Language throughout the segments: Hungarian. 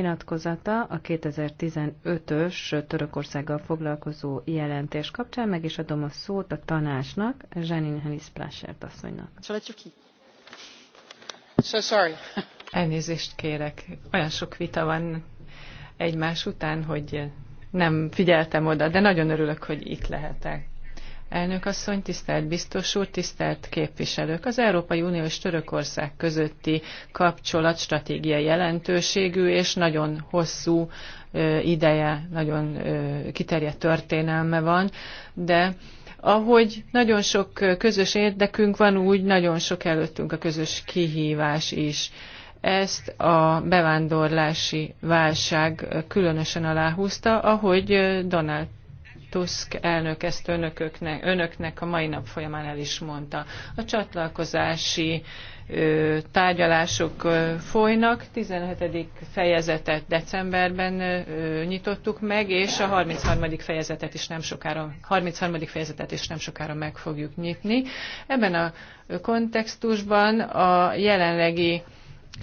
nyilatkozata a 2015-ös Törökországgal foglalkozó jelentés kapcsán. Meg is adom a szót a tanácsnak, Zsenin Helis Plásert asszonynak. So sorry. Elnézést kérek. Olyan sok vita van egymás után, hogy nem figyeltem oda, de nagyon örülök, hogy itt lehetek. Elnök asszony, tisztelt biztos úr, tisztelt képviselők! Az Európai Unió és Törökország közötti kapcsolat stratégia jelentőségű és nagyon hosszú ideje, nagyon kiterjedt történelme van, de ahogy nagyon sok közös érdekünk van, úgy nagyon sok előttünk a közös kihívás is. Ezt a bevándorlási válság különösen aláhúzta, ahogy Donald Tusk elnök ezt önököknek, önöknek a mai nap folyamán el is mondta. A csatlakozási tárgyalások folynak. 17. fejezetet decemberben nyitottuk meg, és a 33. fejezetet is nem sokára, 33. fejezetet is nem sokára meg fogjuk nyitni. Ebben a kontextusban a jelenlegi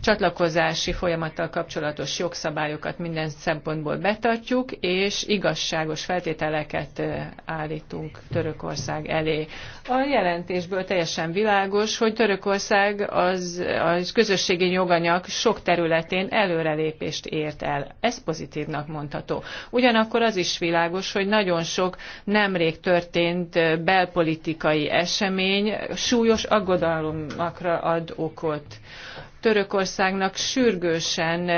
csatlakozási folyamattal kapcsolatos jogszabályokat minden szempontból betartjuk, és igazságos feltételeket állítunk Törökország elé. A jelentésből teljesen világos, hogy Törökország az, az közösségi joganyag sok területén előrelépést ért el. Ez pozitívnak mondható. Ugyanakkor az is világos, hogy nagyon sok nemrég történt belpolitikai esemény súlyos aggodalomakra ad okot. Törökországnak sürgősen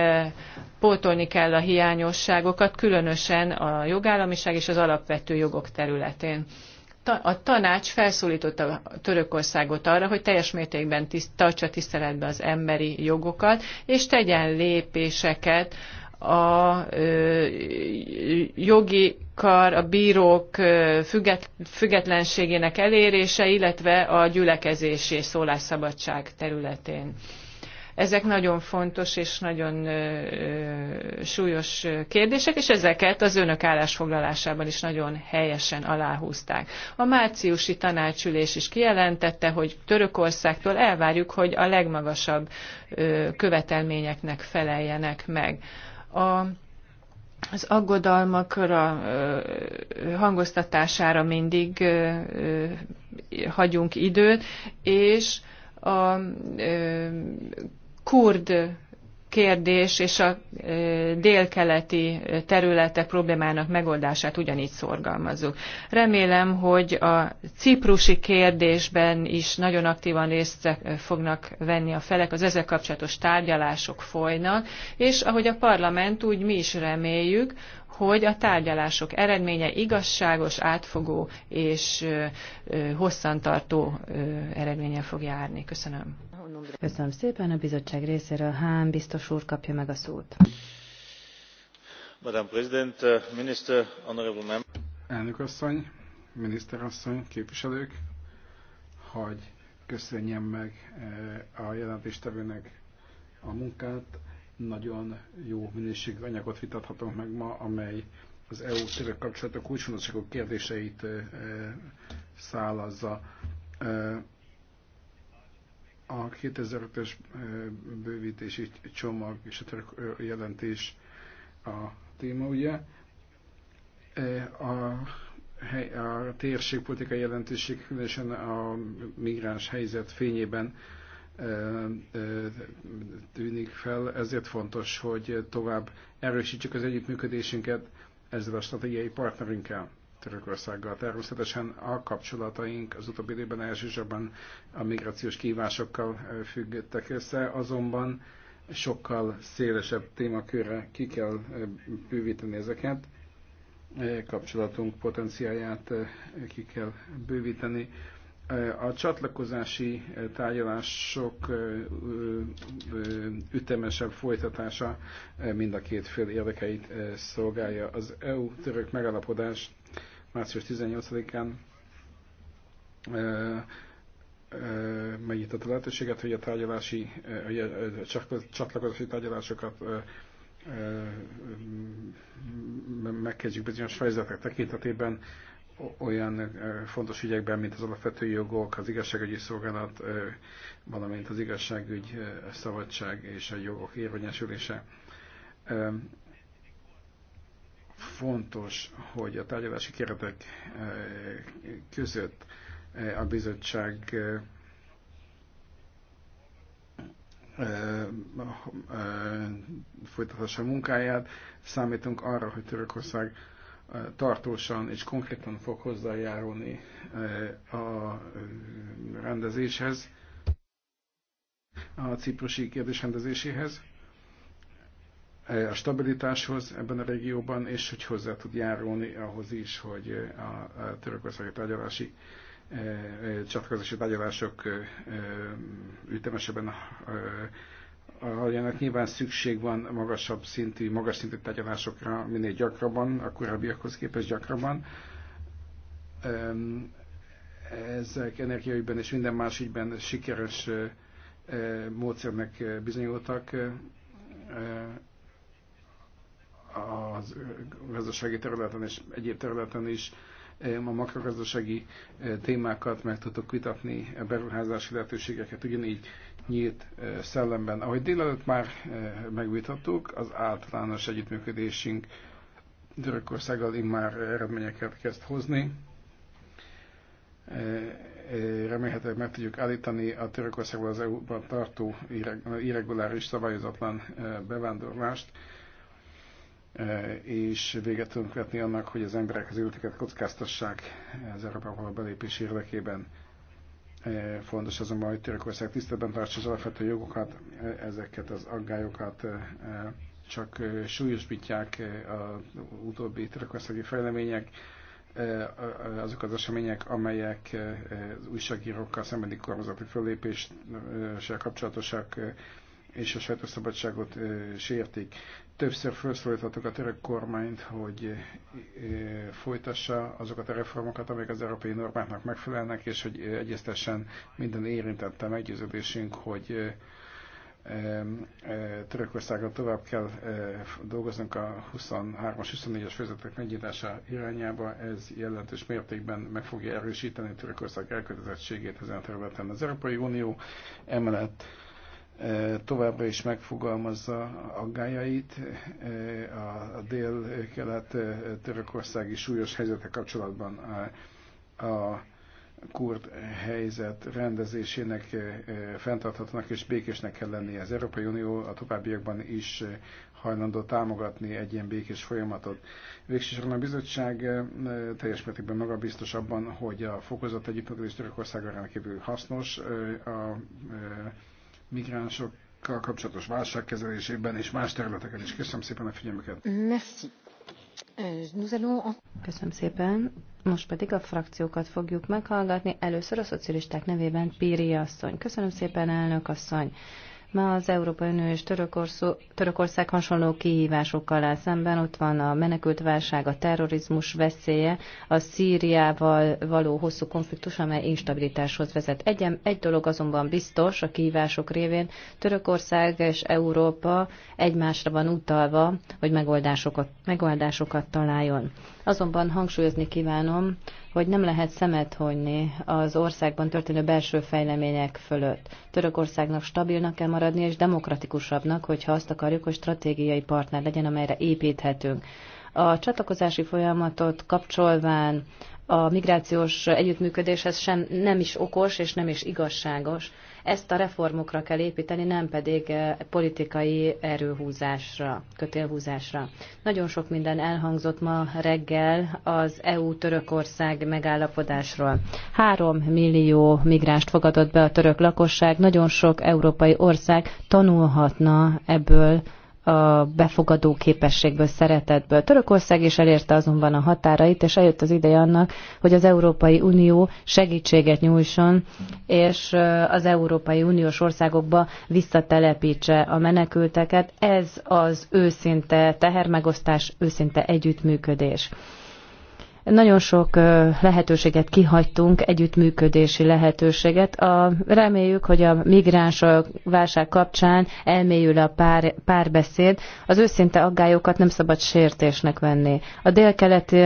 pótolni kell a hiányosságokat, különösen a jogállamiság és az alapvető jogok területén. A tanács felszólította a Törökországot arra, hogy teljes mértékben tiszt, tartsa tiszteletbe az emberi jogokat, és tegyen lépéseket a ö, jogi kar, a bírók függet, függetlenségének elérése, illetve a gyülekezés és szólásszabadság területén. Ezek nagyon fontos és nagyon súlyos kérdések, és ezeket az önök állásfoglalásában is nagyon helyesen aláhúzták. A márciusi tanácsülés is kijelentette, hogy Törökországtól elvárjuk, hogy a legmagasabb követelményeknek feleljenek meg. A az aggodalmakra, hangoztatására mindig hagyunk időt, és a kurd kérdés és a e, délkeleti területek problémának megoldását ugyanígy szorgalmazzuk. Remélem, hogy a ciprusi kérdésben is nagyon aktívan részt fognak venni a felek, az ezzel kapcsolatos tárgyalások folynak, és ahogy a parlament, úgy mi is reméljük, hogy a tárgyalások eredménye igazságos, átfogó és e, e, hosszantartó eredménye fog járni. Köszönöm. Köszönöm szépen. A bizottság részéről Hán biztos úr kapja meg a szót. Madam President, uh, Minister, Honorable Member. Elnök asszony, miniszterasszony, képviselők, hogy köszönjem meg uh, a jelentéstevőnek a munkát. Nagyon jó minőségű anyagot vitathatunk meg ma, amely az EU török kapcsolatok kulcsfontosságú kérdéseit uh, szállazza. A 2005-ös bővítési csomag és a jelentés a téma, ugye? A, hely, a térségpolitikai jelentőség, különösen a migráns helyzet fényében tűnik fel, ezért fontos, hogy tovább erősítsük az együttműködésünket ezzel a stratégiai partnerünkkel. Törökországgal. Természetesen a kapcsolataink az utóbbi időben elsősorban a migrációs kívásokkal függöttek össze, azonban sokkal szélesebb témakörre ki kell bővíteni ezeket, kapcsolatunk potenciáját ki kell bővíteni. A csatlakozási tárgyalások ütemesebb folytatása mind a két fél érdekeit szolgálja. Az EU-török megállapodás március 18-án megnyitott a lehetőséget, hogy a tárgyalási, a csatlakozási tárgyalásokat megkezdjük bizonyos fejezetek tekintetében olyan fontos ügyekben, mint az alapvető jogok, az igazságügyi szolgálat, valamint az igazságügy, szabadság és a jogok érvényesülése. Fontos, hogy a tárgyalási keretek eh, között eh, a bizottság eh, folytathassa munkáját. Számítunk arra, hogy Törökország tartósan és konkrétan fog hozzájárulni a rendezéshez, a ciprusi kérdés rendezéséhez a stabilitáshoz ebben a régióban, és hogy hozzá tud járulni ahhoz is, hogy a törökországi tárgyalási e, e, csatlakozási tárgyalások e, ütemesebben aljanak. Nyilván szükség van magasabb szintű, magas szintű tárgyalásokra minél gyakrabban, a korábbiakhoz képest gyakrabban. Ezek energiaügyben és minden más ügyben sikeres módszernek bizonyultak az gazdasági területen és egyéb területen is eh, a makrogazdasági eh, témákat meg tudtuk vitatni, a eh, beruházási lehetőségeket ugyanígy nyílt szellemben. Ahogy délelőtt már megvitattuk, az általános együttműködésünk Törökországgal már eredményeket kezd hozni. Remélhetőleg meg tudjuk állítani a Törökországban az EU-ban tartó irreguláris, szabályozatlan bevándorlást Eh, és véget tudunk vetni annak, hogy az emberek az életüket kockáztassák az Európában a belépés érdekében. Eh, fontos azonban, hogy Törökország tiszteletben tartsa az alapvető jogokat, eh, ezeket az aggályokat csak súlyosbítják az utóbbi törökországi fejlemények, azok az események, amelyek az újságírókkal szembeni kormányzati fölépéssel kapcsolatosak, és a sajtószabadságot sértik. Többször felszólítottuk a török kormányt, hogy eh, folytassa azokat a reformokat, amelyek az európai normáknak megfelelnek, és hogy eh, egyeztessen minden érintette meggyőződésünk, hogy eh, Törökországgal tovább kell dolgoznunk a 23-as, 24-es főzetek megnyitása irányába. Ez jelentős mértékben meg fogja erősíteni Törökország elkötelezettségét ezen a területen. Az Európai Unió emellett továbbra is megfogalmazza aggájait a dél-kelet törökországi súlyos helyzete kapcsolatban a kurd helyzet rendezésének fenntarthatnak és békésnek kell lennie. Az Európai Unió a továbbiakban is hajlandó támogatni egy ilyen békés folyamatot. Végsősorban a bizottság teljes mértékben magabiztos abban, hogy a fokozott együttműködés Törökországra rendkívül hasznos. A migránsokkal kapcsolatos válságkezelésében és más területeken is. Köszönöm szépen a figyelmüket. Merci. Euh, Köszönöm szépen. Most pedig a frakciókat fogjuk meghallgatni. Először a szocialisták nevében Píri asszony. Köszönöm szépen, elnök asszony. Ma az Európai Unió és Törökország hasonló kihívásokkal áll szemben. Ott van a menekültválság, a terrorizmus veszélye, a Szíriával való hosszú konfliktus, amely instabilitáshoz vezet. Egy, egy dolog azonban biztos a kihívások révén, Törökország és Európa egymásra van utalva, hogy megoldásokat, megoldásokat találjon. Azonban hangsúlyozni kívánom, hogy nem lehet szemet hagyni az országban történő belső fejlemények fölött. Törökországnak stabilnak kell maradnia és demokratikusabbnak, hogyha azt akarjuk, hogy stratégiai partner legyen, amelyre építhetünk. A csatlakozási folyamatot kapcsolván a migrációs együttműködéshez sem nem is okos és nem is igazságos ezt a reformokra kell építeni, nem pedig eh, politikai erőhúzásra, kötélhúzásra. Nagyon sok minden elhangzott ma reggel az EU-Törökország megállapodásról. Három millió migránst fogadott be a török lakosság, nagyon sok európai ország tanulhatna ebből a befogadó képességből, szeretetből. Törökország is elérte azonban a határait, és eljött az ideje annak, hogy az Európai Unió segítséget nyújtson, és az Európai Uniós országokba visszatelepítse a menekülteket. Ez az őszinte tehermegosztás, őszinte együttműködés. Nagyon sok lehetőséget kihagytunk, együttműködési lehetőséget. A, reméljük, hogy a migráns válság kapcsán elmélyül a pár, párbeszéd. Az őszinte aggályokat nem szabad sértésnek venni. A délkeleti,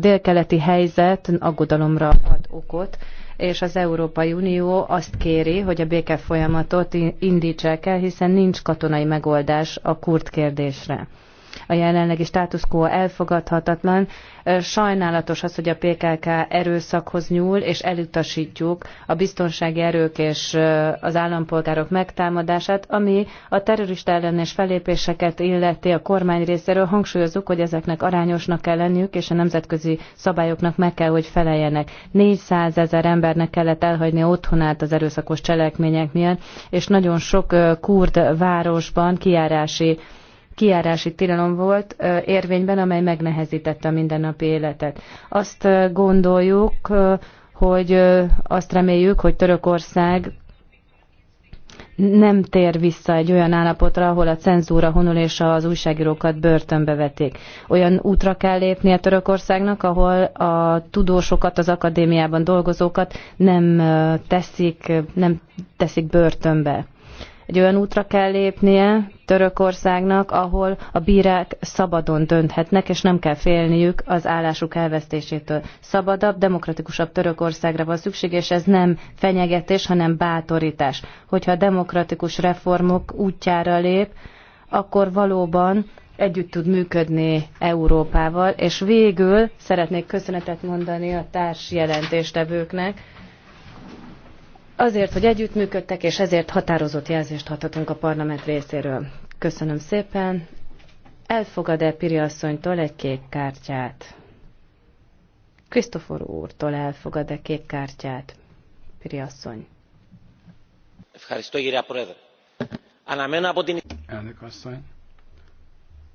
dél helyzet aggodalomra ad okot és az Európai Unió azt kéri, hogy a béke folyamatot indítsák el, hiszen nincs katonai megoldás a kurd kérdésre a jelenlegi status quo elfogadhatatlan. Sajnálatos az, hogy a PKK erőszakhoz nyúl, és elutasítjuk a biztonsági erők és az állampolgárok megtámadását, ami a terrorista ellenes felépéseket illeti a kormány részéről. Hangsúlyozzuk, hogy ezeknek arányosnak kell lenniük, és a nemzetközi szabályoknak meg kell, hogy feleljenek. 400 ezer embernek kellett elhagyni otthonát az erőszakos cselekmények miatt, és nagyon sok kurd városban kiárási kiárási tilalom volt érvényben, amely megnehezítette a mindennapi életet. Azt gondoljuk, hogy azt reméljük, hogy Törökország nem tér vissza egy olyan állapotra, ahol a cenzúra honol és az újságírókat börtönbe vetik. Olyan útra kell lépni a Törökországnak, ahol a tudósokat, az akadémiában dolgozókat nem teszik, nem teszik börtönbe. Egy olyan útra kell lépnie Törökországnak, ahol a bírák szabadon dönthetnek, és nem kell félniük az állásuk elvesztésétől. Szabadabb, demokratikusabb Törökországra van szükség, és ez nem fenyegetés, hanem bátorítás. Hogyha a demokratikus reformok útjára lép, akkor valóban együtt tud működni Európával, és végül szeretnék köszönetet mondani a társ jelentéstevőknek, azért, hogy együttműködtek, és ezért határozott jelzést adhatunk a parlament részéről. Köszönöm szépen. Elfogad-e Piri asszonytól egy kék kártyát? Krisztofor úrtól elfogad-e kék kártyát? Piri asszony. Elnök asszony,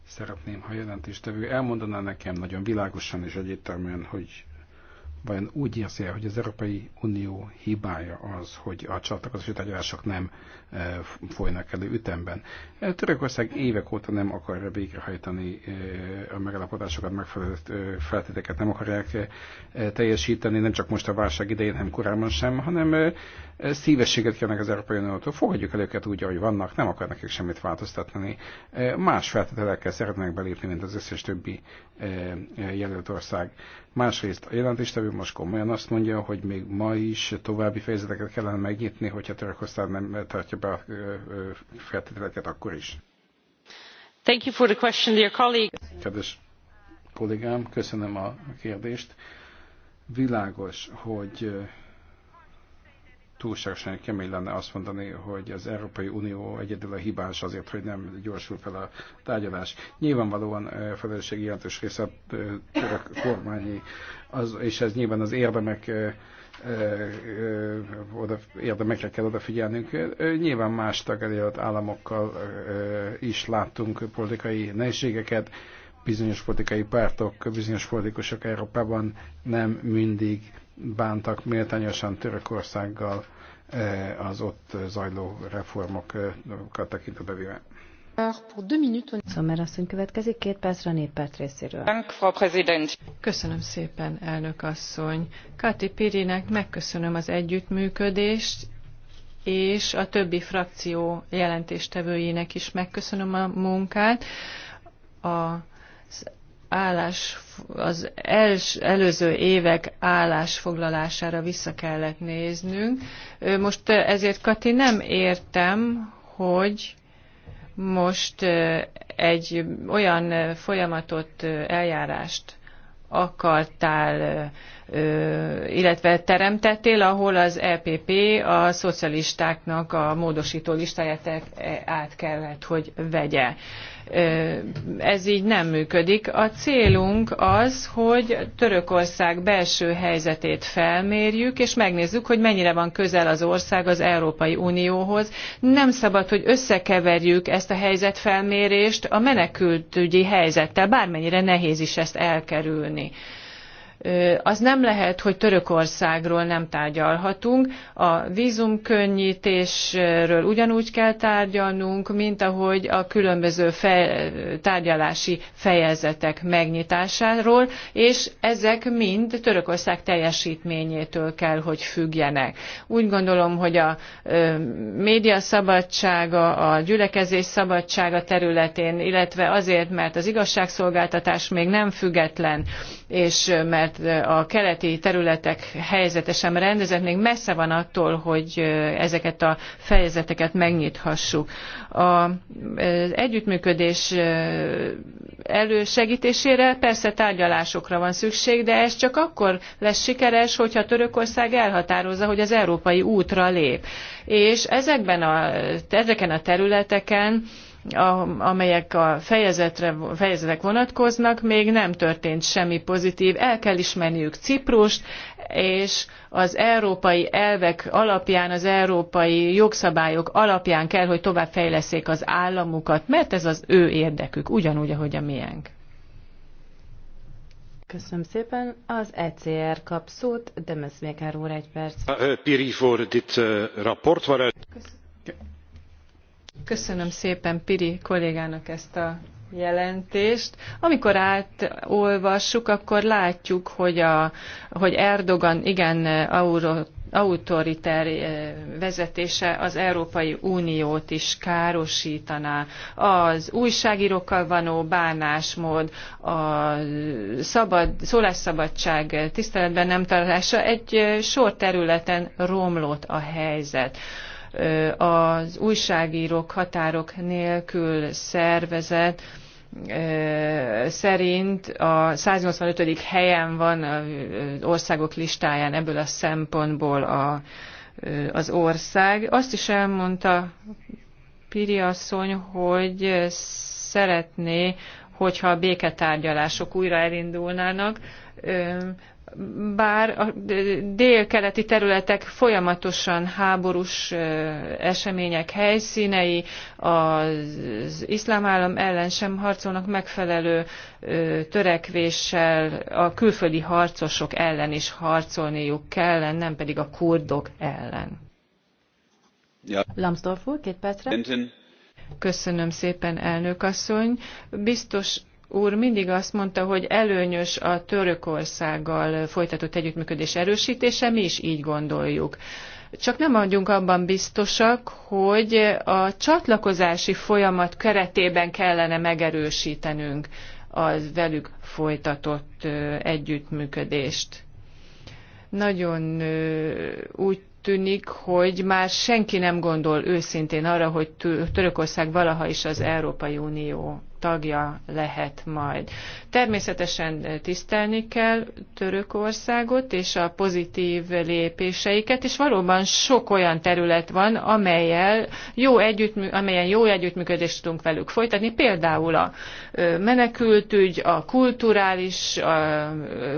szeretném, ha jelentéstevő elmondaná nekem nagyon világosan és egyértelműen, hogy vajon úgy érzi -e, hogy az Európai Unió hibája az, hogy a csatlakozási tárgyalások nem folynak elő ütemben. Törökország évek óta nem akar végrehajtani a megállapodásokat, megfelelő feltéteket nem akarják teljesíteni, nem csak most a válság idején, hanem korábban sem, hanem szívességet kérnek az Európai Uniótól, fogadjuk el őket úgy, ahogy vannak, nem akarnak nekik semmit változtatni. Más feltételekkel szeretnek belépni, mint az összes többi jelölt ország. Másrészt a jelentéstevő most komolyan azt mondja, hogy még ma is további fejezeteket kellene megnyitni, hogyha Törökország nem tartja be a feltételeket akkor is. Thank you for the question, dear colleague. Kedves kollégám, köszönöm a kérdést. Világos, hogy túlságosan kemény lenne azt mondani, hogy az Európai Unió egyedül a hibás azért, hogy nem gyorsul fel a tárgyalás. Nyilvánvalóan felelősség jelentős része a kormányi, az, és ez nyilván az érdemek oda, érdemekre kell odafigyelnünk. Nyilván más tagjelölt államokkal is láttunk politikai nehézségeket, bizonyos politikai pártok, bizonyos politikusok Európában nem mindig bántak méltányosan Törökországgal az ott zajló reformokat tekintve véve. Szomer asszony következik két percre a néppárt részéről. Köszönöm szépen, elnök asszony. Kati Pirinek megköszönöm az együttműködést, és a többi frakció jelentéstevőjének is megköszönöm a munkát. A állás, az els, előző évek állásfoglalására vissza kellett néznünk. Most ezért, Kati, nem értem, hogy most egy olyan folyamatot, eljárást akartál, illetve teremtettél, ahol az EPP a szocialistáknak a módosító listáját e- át kellett, hogy vegye ez így nem működik. A célunk az, hogy Törökország belső helyzetét felmérjük, és megnézzük, hogy mennyire van közel az ország az Európai Unióhoz. Nem szabad, hogy összekeverjük ezt a helyzetfelmérést a menekültügyi helyzettel, bármennyire nehéz is ezt elkerülni az nem lehet, hogy Törökországról nem tárgyalhatunk. A vízumkönnyítésről ugyanúgy kell tárgyalnunk, mint ahogy a különböző fe, tárgyalási fejezetek megnyitásáról, és ezek mind Törökország teljesítményétől kell, hogy függjenek. Úgy gondolom, hogy a média szabadsága, a gyülekezés szabadsága területén, illetve azért, mert az igazságszolgáltatás még nem független, és mert tehát a keleti területek helyzete sem rendezett, még messze van attól, hogy ezeket a fejezeteket megnyithassuk. Az együttműködés elősegítésére persze tárgyalásokra van szükség, de ez csak akkor lesz sikeres, hogyha Törökország elhatározza, hogy az európai útra lép. És ezekben a, ezeken a területeken a amelyek a fejezetre, fejezetek vonatkoznak, még nem történt semmi pozitív. El kell ismerniük Ciprust, és az európai elvek alapján, az európai jogszabályok alapján kell, hogy tovább fejleszék az államukat, mert ez az ő érdekük, ugyanúgy, ahogy a miénk. Köszönöm szépen. Az ECR kap szót, Demesz Mékár úr egy perc. Uh, uh, uh, Köszönöm. Köszönöm szépen Piri kollégának ezt a jelentést. Amikor átolvassuk, akkor látjuk, hogy, a, hogy Erdogan igen auró, autoriter eh, vezetése az Európai Uniót is károsítaná. Az újságírókkal vanó bánásmód, a szabad, szólásszabadság tiszteletben nem tartása egy eh, sor területen romlott a helyzet az újságírók határok nélkül szervezet szerint a 185. helyen van az országok listáján ebből a szempontból a, az ország. Azt is elmondta Piri asszony, hogy szeretné, hogyha a béketárgyalások újra elindulnának bár a délkeleti területek folyamatosan háborús események helyszínei, az iszlám állam ellen sem harcolnak megfelelő törekvéssel, a külföldi harcosok ellen is harcolniuk kell, nem pedig a kurdok ellen. Ja. Lambsdorff úr, két percre. Köszönöm szépen, elnök asszony. Biztos úr mindig azt mondta, hogy előnyös a Törökországgal folytatott együttműködés erősítése, mi is így gondoljuk. Csak nem adjunk abban biztosak, hogy a csatlakozási folyamat keretében kellene megerősítenünk az velük folytatott együttműködést. Nagyon úgy tűnik, hogy már senki nem gondol őszintén arra, hogy Törökország valaha is az Európai Unió tagja lehet majd. Természetesen tisztelni kell Törökországot és a pozitív lépéseiket, és valóban sok olyan terület van, amelyel jó együttmű, amelyen jó együttműködést tudunk velük folytatni, például a menekültügy, a kulturális, a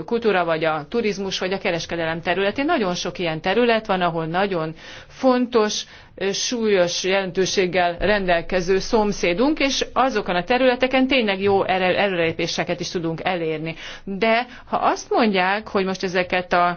kultúra vagy a turizmus vagy a kereskedelem területén. Nagyon sok ilyen terület van, ahol nagyon fontos, súlyos jelentőséggel rendelkező szomszédunk, és azokon a területeken tényleg jó előrelépéseket is tudunk elérni. De ha azt mondják, hogy most ezeket a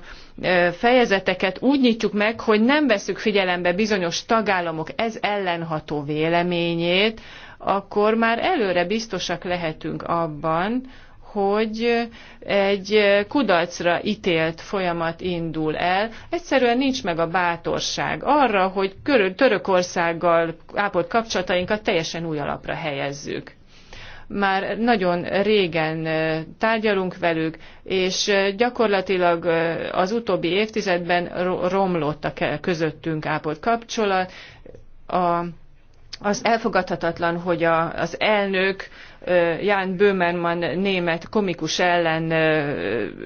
fejezeteket úgy nyitjuk meg, hogy nem veszük figyelembe bizonyos tagállamok ez ellenható véleményét, akkor már előre biztosak lehetünk abban, hogy egy kudarcra ítélt folyamat indul el. Egyszerűen nincs meg a bátorság arra, hogy körül Törökországgal ápolt kapcsolatainkat teljesen új alapra helyezzük már nagyon régen tárgyalunk velük, és gyakorlatilag az utóbbi évtizedben romlott a közöttünk ápolt kapcsolat. A, az elfogadhatatlan, hogy a, az elnök Ján Böhmermann német komikus ellen,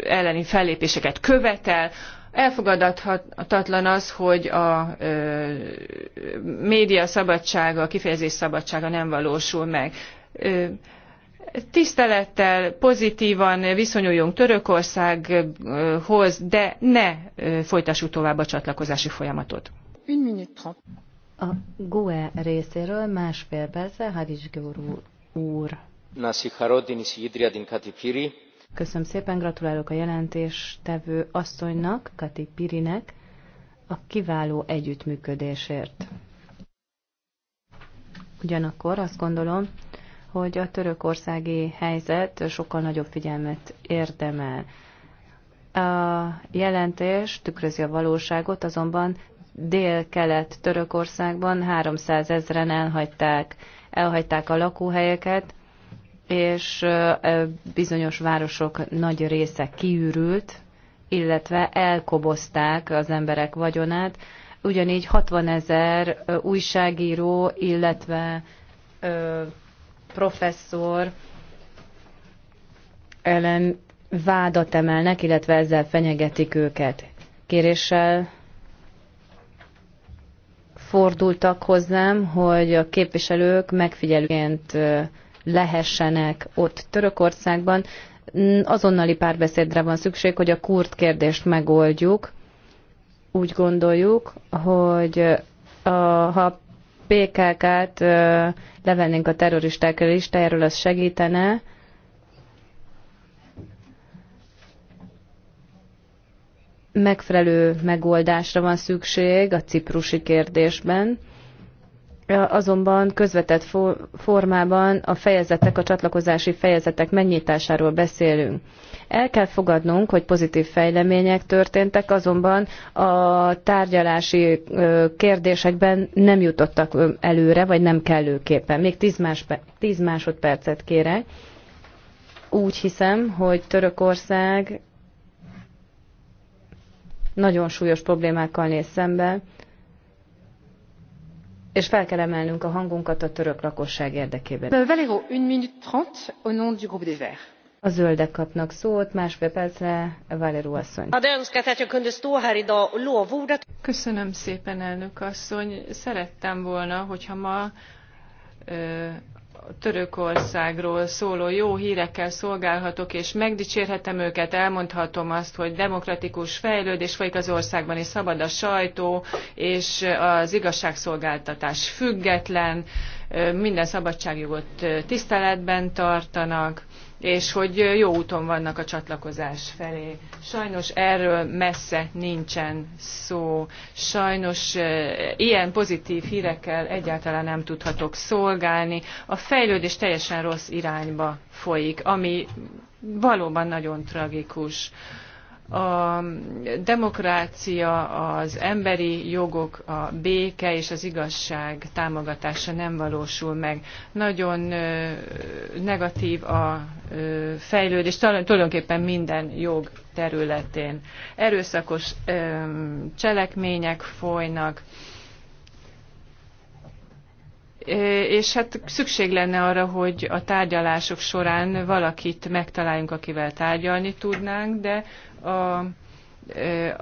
elleni fellépéseket követel, elfogadhatatlan az, hogy a ö, média szabadsága, a kifejezés szabadsága nem valósul meg. Ö, tisztelettel, pozitívan viszonyuljunk Törökországhoz, de ne folytassuk tovább a csatlakozási folyamatot. A GUE részéről másfél perce Hadis Győr úr. Köszönöm szépen, gratulálok a jelentéstevő asszonynak, Kati Pirinek, a kiváló együttműködésért. Ugyanakkor azt gondolom, hogy a törökországi helyzet sokkal nagyobb figyelmet érdemel. A jelentés tükrözi a valóságot, azonban dél-kelet Törökországban 300 ezeren elhagyták elhagyták a lakóhelyeket, és bizonyos városok nagy része kiürült, illetve elkobozták az emberek vagyonát. Ugyanígy 60 ezer újságíró, illetve ö, professzor ellen vádat emelnek, illetve ezzel fenyegetik őket. Kéréssel fordultak hozzám, hogy a képviselők megfigyelőként lehessenek ott Törökországban. Azonnali párbeszédre van szükség, hogy a kurt kérdést megoldjuk. Úgy gondoljuk, hogy a, ha PKK-t levennénk a terroristák listájáról, az segítene, megfelelő megoldásra van szükség a ciprusi kérdésben, azonban közvetett formában a fejezetek, a csatlakozási fejezetek megnyitásáról beszélünk. El kell fogadnunk, hogy pozitív fejlemények történtek, azonban a tárgyalási kérdésekben nem jutottak előre, vagy nem kellőképpen. Még 10 másodpercet kérek. Úgy hiszem, hogy Törökország nagyon súlyos problémákkal néz szembe, és fel kell emelnünk a hangunkat a török lakosság érdekében. Euh, Valero, 1 minute 30, au nom du groupe des Verts. A zöldek kapnak szót, másfél percre Valero asszony. Köszönöm szépen, elnök asszony. Szerettem volna, hogyha ma ö, Törökországról szóló jó hírekkel szolgálhatok, és megdicsérhetem őket, elmondhatom azt, hogy demokratikus fejlődés folyik az országban, és szabad a sajtó, és az igazságszolgáltatás független, minden szabadságjogot tiszteletben tartanak, és hogy jó úton vannak a csatlakozás felé. Sajnos erről messze nincsen szó. Sajnos ilyen pozitív hírekkel egyáltalán nem tudhatok szolgálni. A fejlődés teljesen rossz irányba folyik, ami valóban nagyon tragikus a demokrácia, az emberi jogok, a béke és az igazság támogatása nem valósul meg. Nagyon negatív a fejlődés tulajdonképpen minden jog területén. Erőszakos cselekmények folynak, és hát szükség lenne arra, hogy a tárgyalások során valakit megtaláljunk, akivel tárgyalni tudnánk, de a,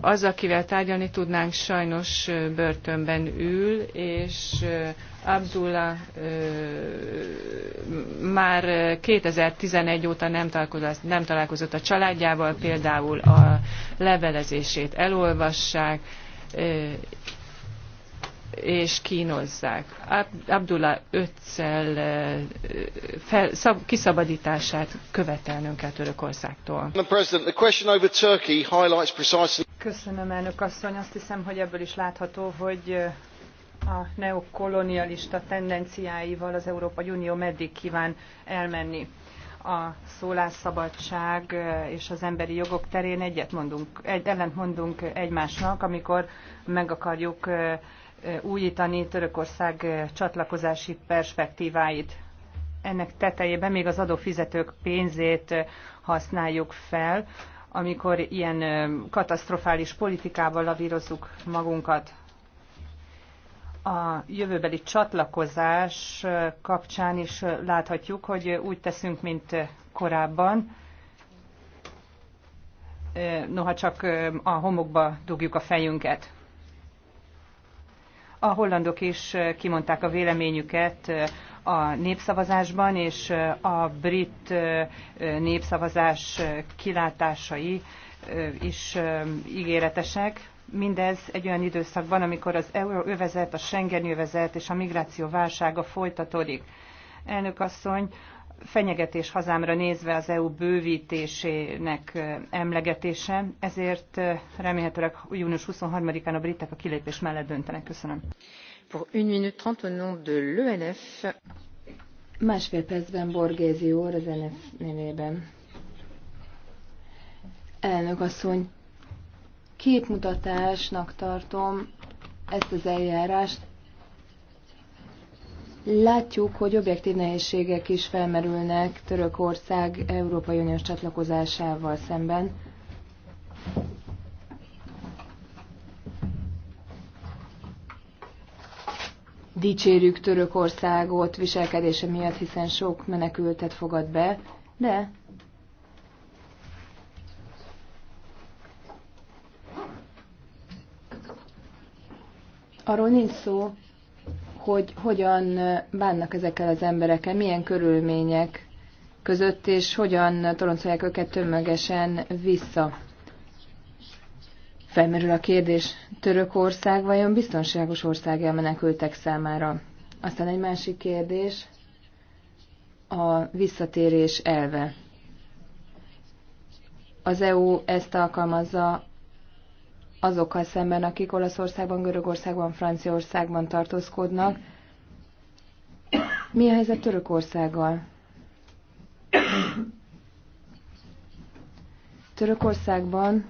az, akivel tárgyalni tudnánk, sajnos börtönben ül, és Abdullah már 2011 óta nem találkozott, nem találkozott a családjával, például a levelezését elolvassák, és kínozzák. Abdullah Öccel fel, szab, kiszabadítását követelnünk kell Törökországtól. Köszönöm, elnök asszony. Azt hiszem, hogy ebből is látható, hogy a neokolonialista tendenciáival az Európai Unió meddig kíván elmenni. A szólásszabadság és az emberi jogok terén egyet mondunk, egy, ellent mondunk egymásnak, amikor meg akarjuk uh, újítani Törökország eh, csatlakozási perspektíváit. Ennek tetejében még az adófizetők pénzét eh, használjuk fel, amikor ilyen eh, katasztrofális politikával lavírozzuk magunkat. A jövőbeli csatlakozás kapcsán is láthatjuk, hogy úgy teszünk, mint korábban, noha csak a homokba dugjuk a fejünket. A hollandok is kimondták a véleményüket a népszavazásban, és a brit népszavazás kilátásai is ígéretesek. Mindez egy olyan időszakban, amikor az euróövezet, a Schengen övezet és a migráció válsága folytatódik. Elnök asszony, fenyegetés hazámra nézve az EU bővítésének emlegetése, ezért remélhetőleg június 23-án a britek a kilépés mellett döntenek. Köszönöm. Pour 1 minute au nom de l'ENF. Másfél percben Borgézi úr az ENF nevében. Elnök asszony, képmutatásnak tartom ezt az eljárást, Látjuk, hogy objektív nehézségek is felmerülnek Törökország Európai Uniós csatlakozásával szemben. Dicsérjük Törökországot viselkedése miatt, hiszen sok menekültet fogad be, de arról nincs szó, hogy hogyan bánnak ezekkel az emberekkel, milyen körülmények között, és hogyan toloncolják őket tömegesen vissza. Felmerül a kérdés, Törökország vajon biztonságos ország a menekültek számára? Aztán egy másik kérdés, a visszatérés elve. Az EU ezt alkalmazza azokkal szemben, akik Olaszországban, Görögországban, Franciaországban tartózkodnak. Mi a helyzet Törökországgal? Törökországban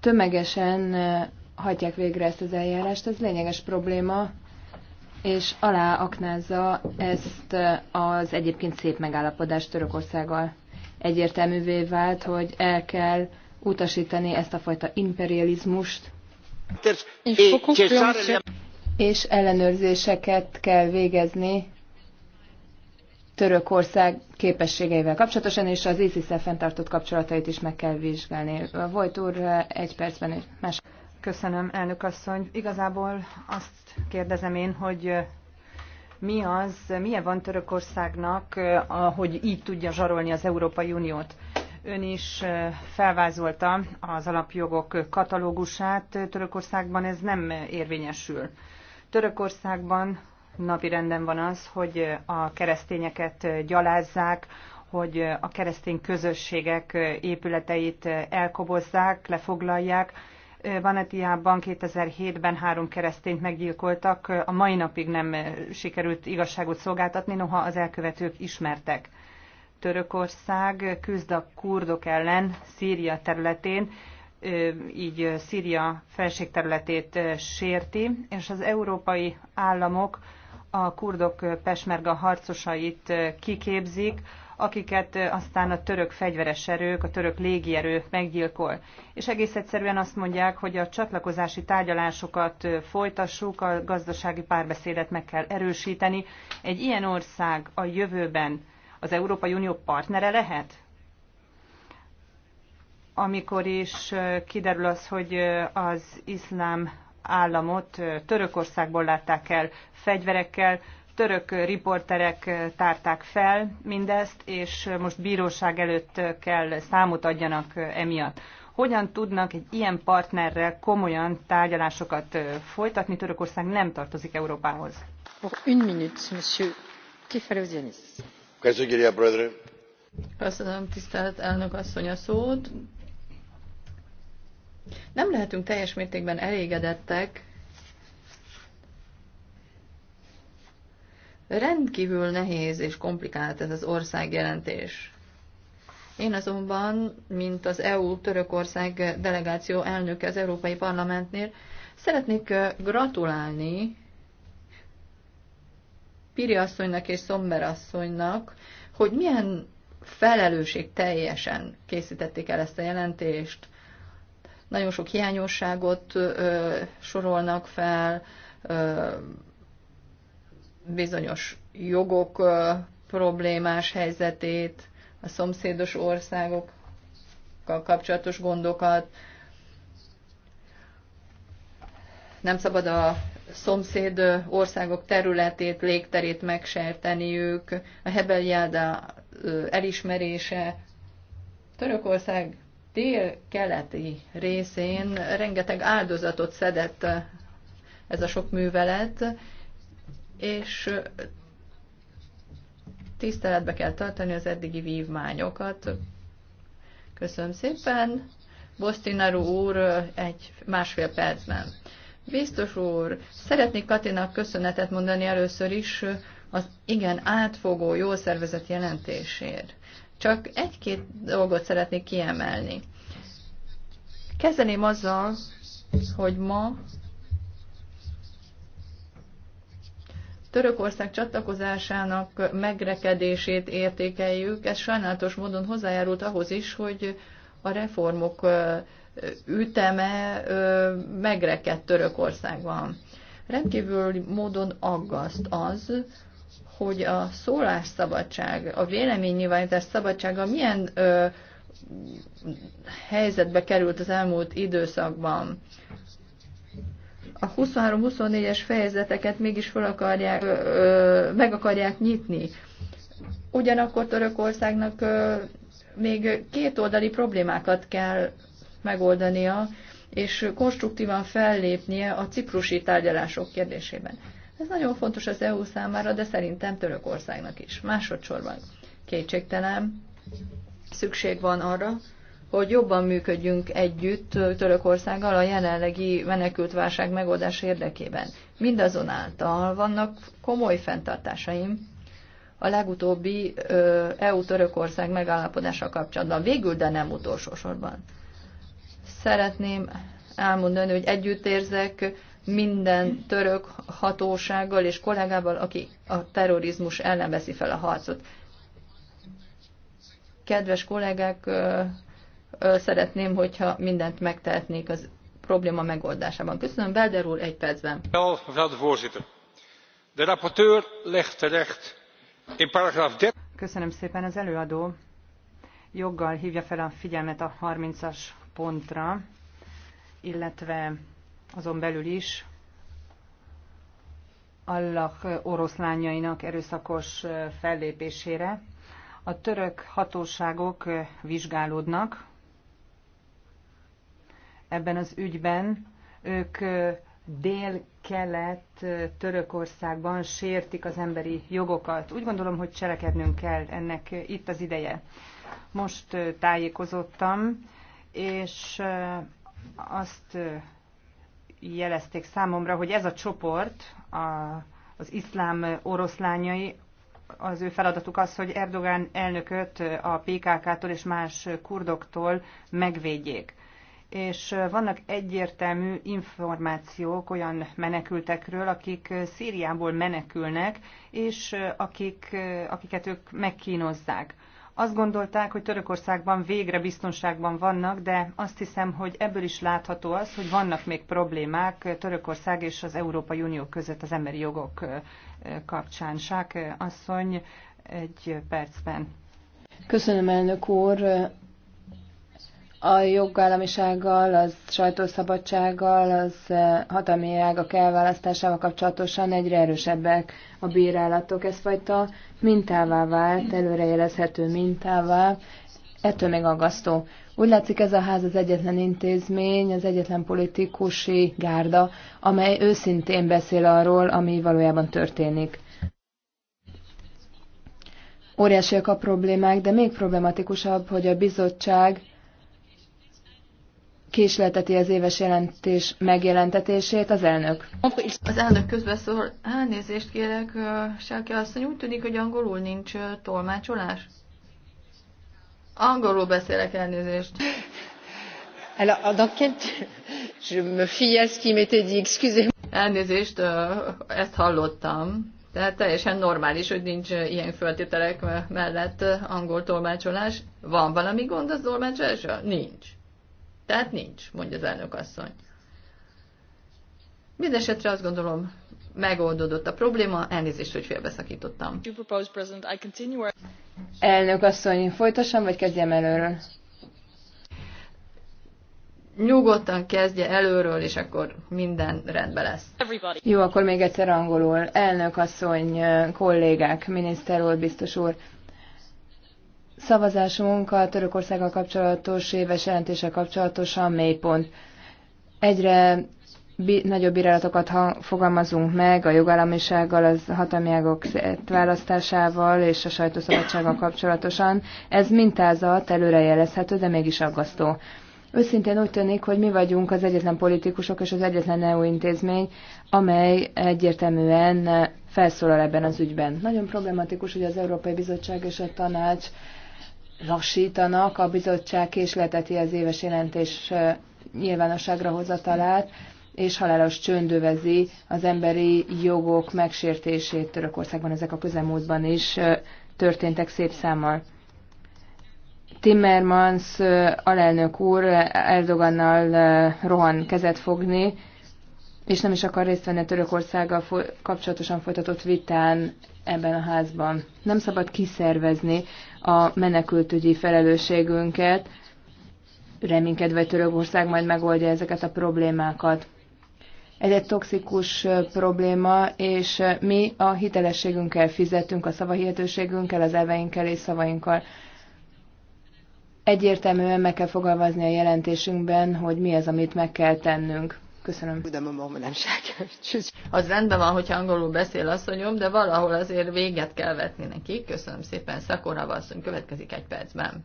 tömegesen hagyják végre ezt az eljárást, ez lényeges probléma, és aláaknázza ezt az egyébként szép megállapodást Törökországgal. Egyértelművé vált, hogy el kell utasítani ezt a fajta imperializmust, és ellenőrzéseket kell végezni Törökország képességeivel kapcsolatosan, és az isis el fenntartott kapcsolatait is meg kell vizsgálni. Volt úr, egy percben egy más. Köszönöm, elnök asszony. Igazából azt kérdezem én, hogy mi az, milyen van Törökországnak, hogy így tudja zsarolni az Európai Uniót. Ön is felvázolta az alapjogok katalógusát Törökországban, ez nem érvényesül. Törökországban napi renden van az, hogy a keresztényeket gyalázzák, hogy a keresztény közösségek épületeit elkobozzák, lefoglalják. Vanetiában 2007-ben három keresztényt meggyilkoltak, a mai napig nem sikerült igazságot szolgáltatni, noha az elkövetők ismertek. Törökország küzd a kurdok ellen Szíria területén, így Szíria felségterületét sérti, és az európai államok a kurdok pesmerga harcosait kiképzik, akiket aztán a török fegyveres erők, a török légierő meggyilkol. És egész egyszerűen azt mondják, hogy a csatlakozási tárgyalásokat folytassuk, a gazdasági párbeszédet meg kell erősíteni. Egy ilyen ország a jövőben az Európai Unió partnere lehet? Amikor is kiderül az, hogy az iszlám államot Törökországból látták el fegyverekkel, török riporterek tárták fel mindezt, és most bíróság előtt kell számot adjanak emiatt. Hogyan tudnak egy ilyen partnerrel komolyan tárgyalásokat folytatni? Törökország nem tartozik Európához. Pour une minute, monsieur Kefalogianis. Köszönöm, tisztelt elnök asszony a szót. Nem lehetünk teljes mértékben elégedettek. Rendkívül nehéz és komplikált ez az ország jelentés Én azonban, mint az EU-Törökország delegáció elnöke az Európai Parlamentnél, szeretnék gratulálni Piri asszonynak és Szomber asszonynak, hogy milyen felelősség teljesen készítették el ezt a jelentést. Nagyon sok hiányosságot ö, sorolnak fel, ö, bizonyos jogok ö, problémás helyzetét, a szomszédos országokkal kapcsolatos gondokat. Nem szabad a szomszéd országok területét, légterét megsérteniük, a Hebeljáda elismerése. Törökország dél-keleti részén rengeteg áldozatot szedett ez a sok művelet, és tiszteletbe kell tartani az eddigi vívmányokat. Köszönöm szépen. Bostinaru úr egy másfél percben. Biztos úr, szeretnék Katinak köszönetet mondani először is az igen átfogó, jó szervezet jelentésért. Csak egy-két dolgot szeretnék kiemelni. Kezdeném azzal, hogy ma Törökország csatlakozásának megrekedését értékeljük. Ez sajnálatos módon hozzájárult ahhoz is, hogy a reformok üteme megrekedt Törökországban. Rendkívül módon aggaszt az, hogy a szólásszabadság, a véleménynyilvánítás szabadsága milyen ö, helyzetbe került az elmúlt időszakban. A 23-24-es fejezeteket mégis fel akarják, ö, ö, meg akarják nyitni. Ugyanakkor Törökországnak ö, még kétoldali problémákat kell megoldania, és konstruktívan fellépnie a ciprusi tárgyalások kérdésében. Ez nagyon fontos az EU számára, de szerintem Törökországnak is. Másodszorban kétségtelen szükség van arra, hogy jobban működjünk együtt Törökországgal a jelenlegi menekültválság megoldás érdekében. Mindazonáltal vannak komoly fenntartásaim a legutóbbi EU-Törökország megállapodása kapcsolatban, végül, de nem utolsó sorban. Szeretném elmondani, hogy együttérzek minden török hatósággal és kollégával, aki a terrorizmus ellen veszi fel a harcot. Kedves kollégák, szeretném, hogyha mindent megtehetnék az probléma megoldásában. Köszönöm, Belder úr, egy percben. Köszönöm szépen, az előadó joggal hívja fel a figyelmet a 30-as pontra, illetve azon belül is Allah oroszlányainak erőszakos fellépésére. A török hatóságok vizsgálódnak ebben az ügyben. Ők dél-kelet Törökországban sértik az emberi jogokat. Úgy gondolom, hogy cselekednünk kell, ennek itt az ideje. Most tájékozottam, és eh, azt eh, jelezték számomra, hogy ez a csoport, a, az iszlám oroszlányai, az ő feladatuk az, hogy Erdogán elnököt a PKK-tól és más kurdoktól megvédjék. És eh, vannak egyértelmű információk olyan menekültekről, akik Szíriából menekülnek, és akik, akiket ők megkínozzák. Azt gondolták, hogy Törökországban végre biztonságban vannak, de azt hiszem, hogy ebből is látható az, hogy vannak még problémák Törökország és az Európai Unió között az emberi jogok kapcsán. Sák asszony, egy percben. Köszönöm, elnök úr a jogállamisággal, az sajtószabadsággal, az eh, hatalmi ágak elválasztásával kapcsolatosan egyre erősebbek a bírálatok. Ez fajta mintává vált, előrejelezhető mintává, ettől még aggasztó. Úgy látszik ez a ház az egyetlen intézmény, az egyetlen politikusi gárda, amely őszintén beszél arról, ami valójában történik. Óriásiak a problémák, de még problematikusabb, hogy a bizottság késlelteti az éves jelentés megjelentetését az elnök. Az elnök közbeszól, elnézést kérek, Sáki asszony, úgy tűnik, hogy angolul nincs tolmácsolás. Angolul beszélek, elnézést. Alors, dans quel... Je me fie à ce qui m'était dit, excusez Elnézést, ezt hallottam. Tehát teljesen normális, hogy nincs ilyen föltételek mellett angol tolmácsolás. Van valami gond az tolmácsolással? Nincs. Tehát nincs, mondja az elnök asszony. Mindenesetre azt gondolom, megoldódott a probléma, elnézést, hogy félbeszakítottam. Elnök asszony, folytassam, vagy kezdjem előről? Nyugodtan kezdje előről, és akkor minden rendben lesz. Everybody. Jó, akkor még egyszer angolul. Elnök asszony, kollégák, miniszter úr, biztos úr. Szavazásunk a Törökországgal kapcsolatos éves jelentése kapcsolatosan mélypont. Egyre nagyobb irálatokat fogalmazunk meg a jogállamisággal, az hatalmi választásával és a sajtószabadsággal kapcsolatosan. Ez mintázat előrejelezhető, de mégis aggasztó. Őszintén úgy tűnik, hogy mi vagyunk az egyetlen politikusok és az egyetlen EU intézmény, amely egyértelműen felszólal ebben az ügyben. Nagyon problematikus, hogy az Európai Bizottság és a Tanács lassítanak, a bizottság késleteti az éves jelentés nyilvánosságra hozatalát, és halálos csöndövezi az emberi jogok megsértését Törökországban, ezek a közelmúltban is történtek szép számmal. Timmermans alelnök úr Erdogannal rohan kezet fogni, és nem is akar részt venni a Törökországgal kapcsolatosan folytatott vitán ebben a házban. Nem szabad kiszervezni a menekültügyi felelősségünket, reménykedve, hogy Törökország majd megoldja ezeket a problémákat. Ez egy toxikus probléma, és mi a hitelességünkkel fizetünk, a szavahihetőségünkkel, az elveinkkel és szavainkkal. Egyértelműen meg kell fogalmazni a jelentésünkben, hogy mi az, amit meg kell tennünk. Köszönöm. nem Az rendben van, hogy angolul beszél asszonyom, de valahol azért véget kell vetni neki. Köszönöm szépen, Szakora asszony következik egy percben.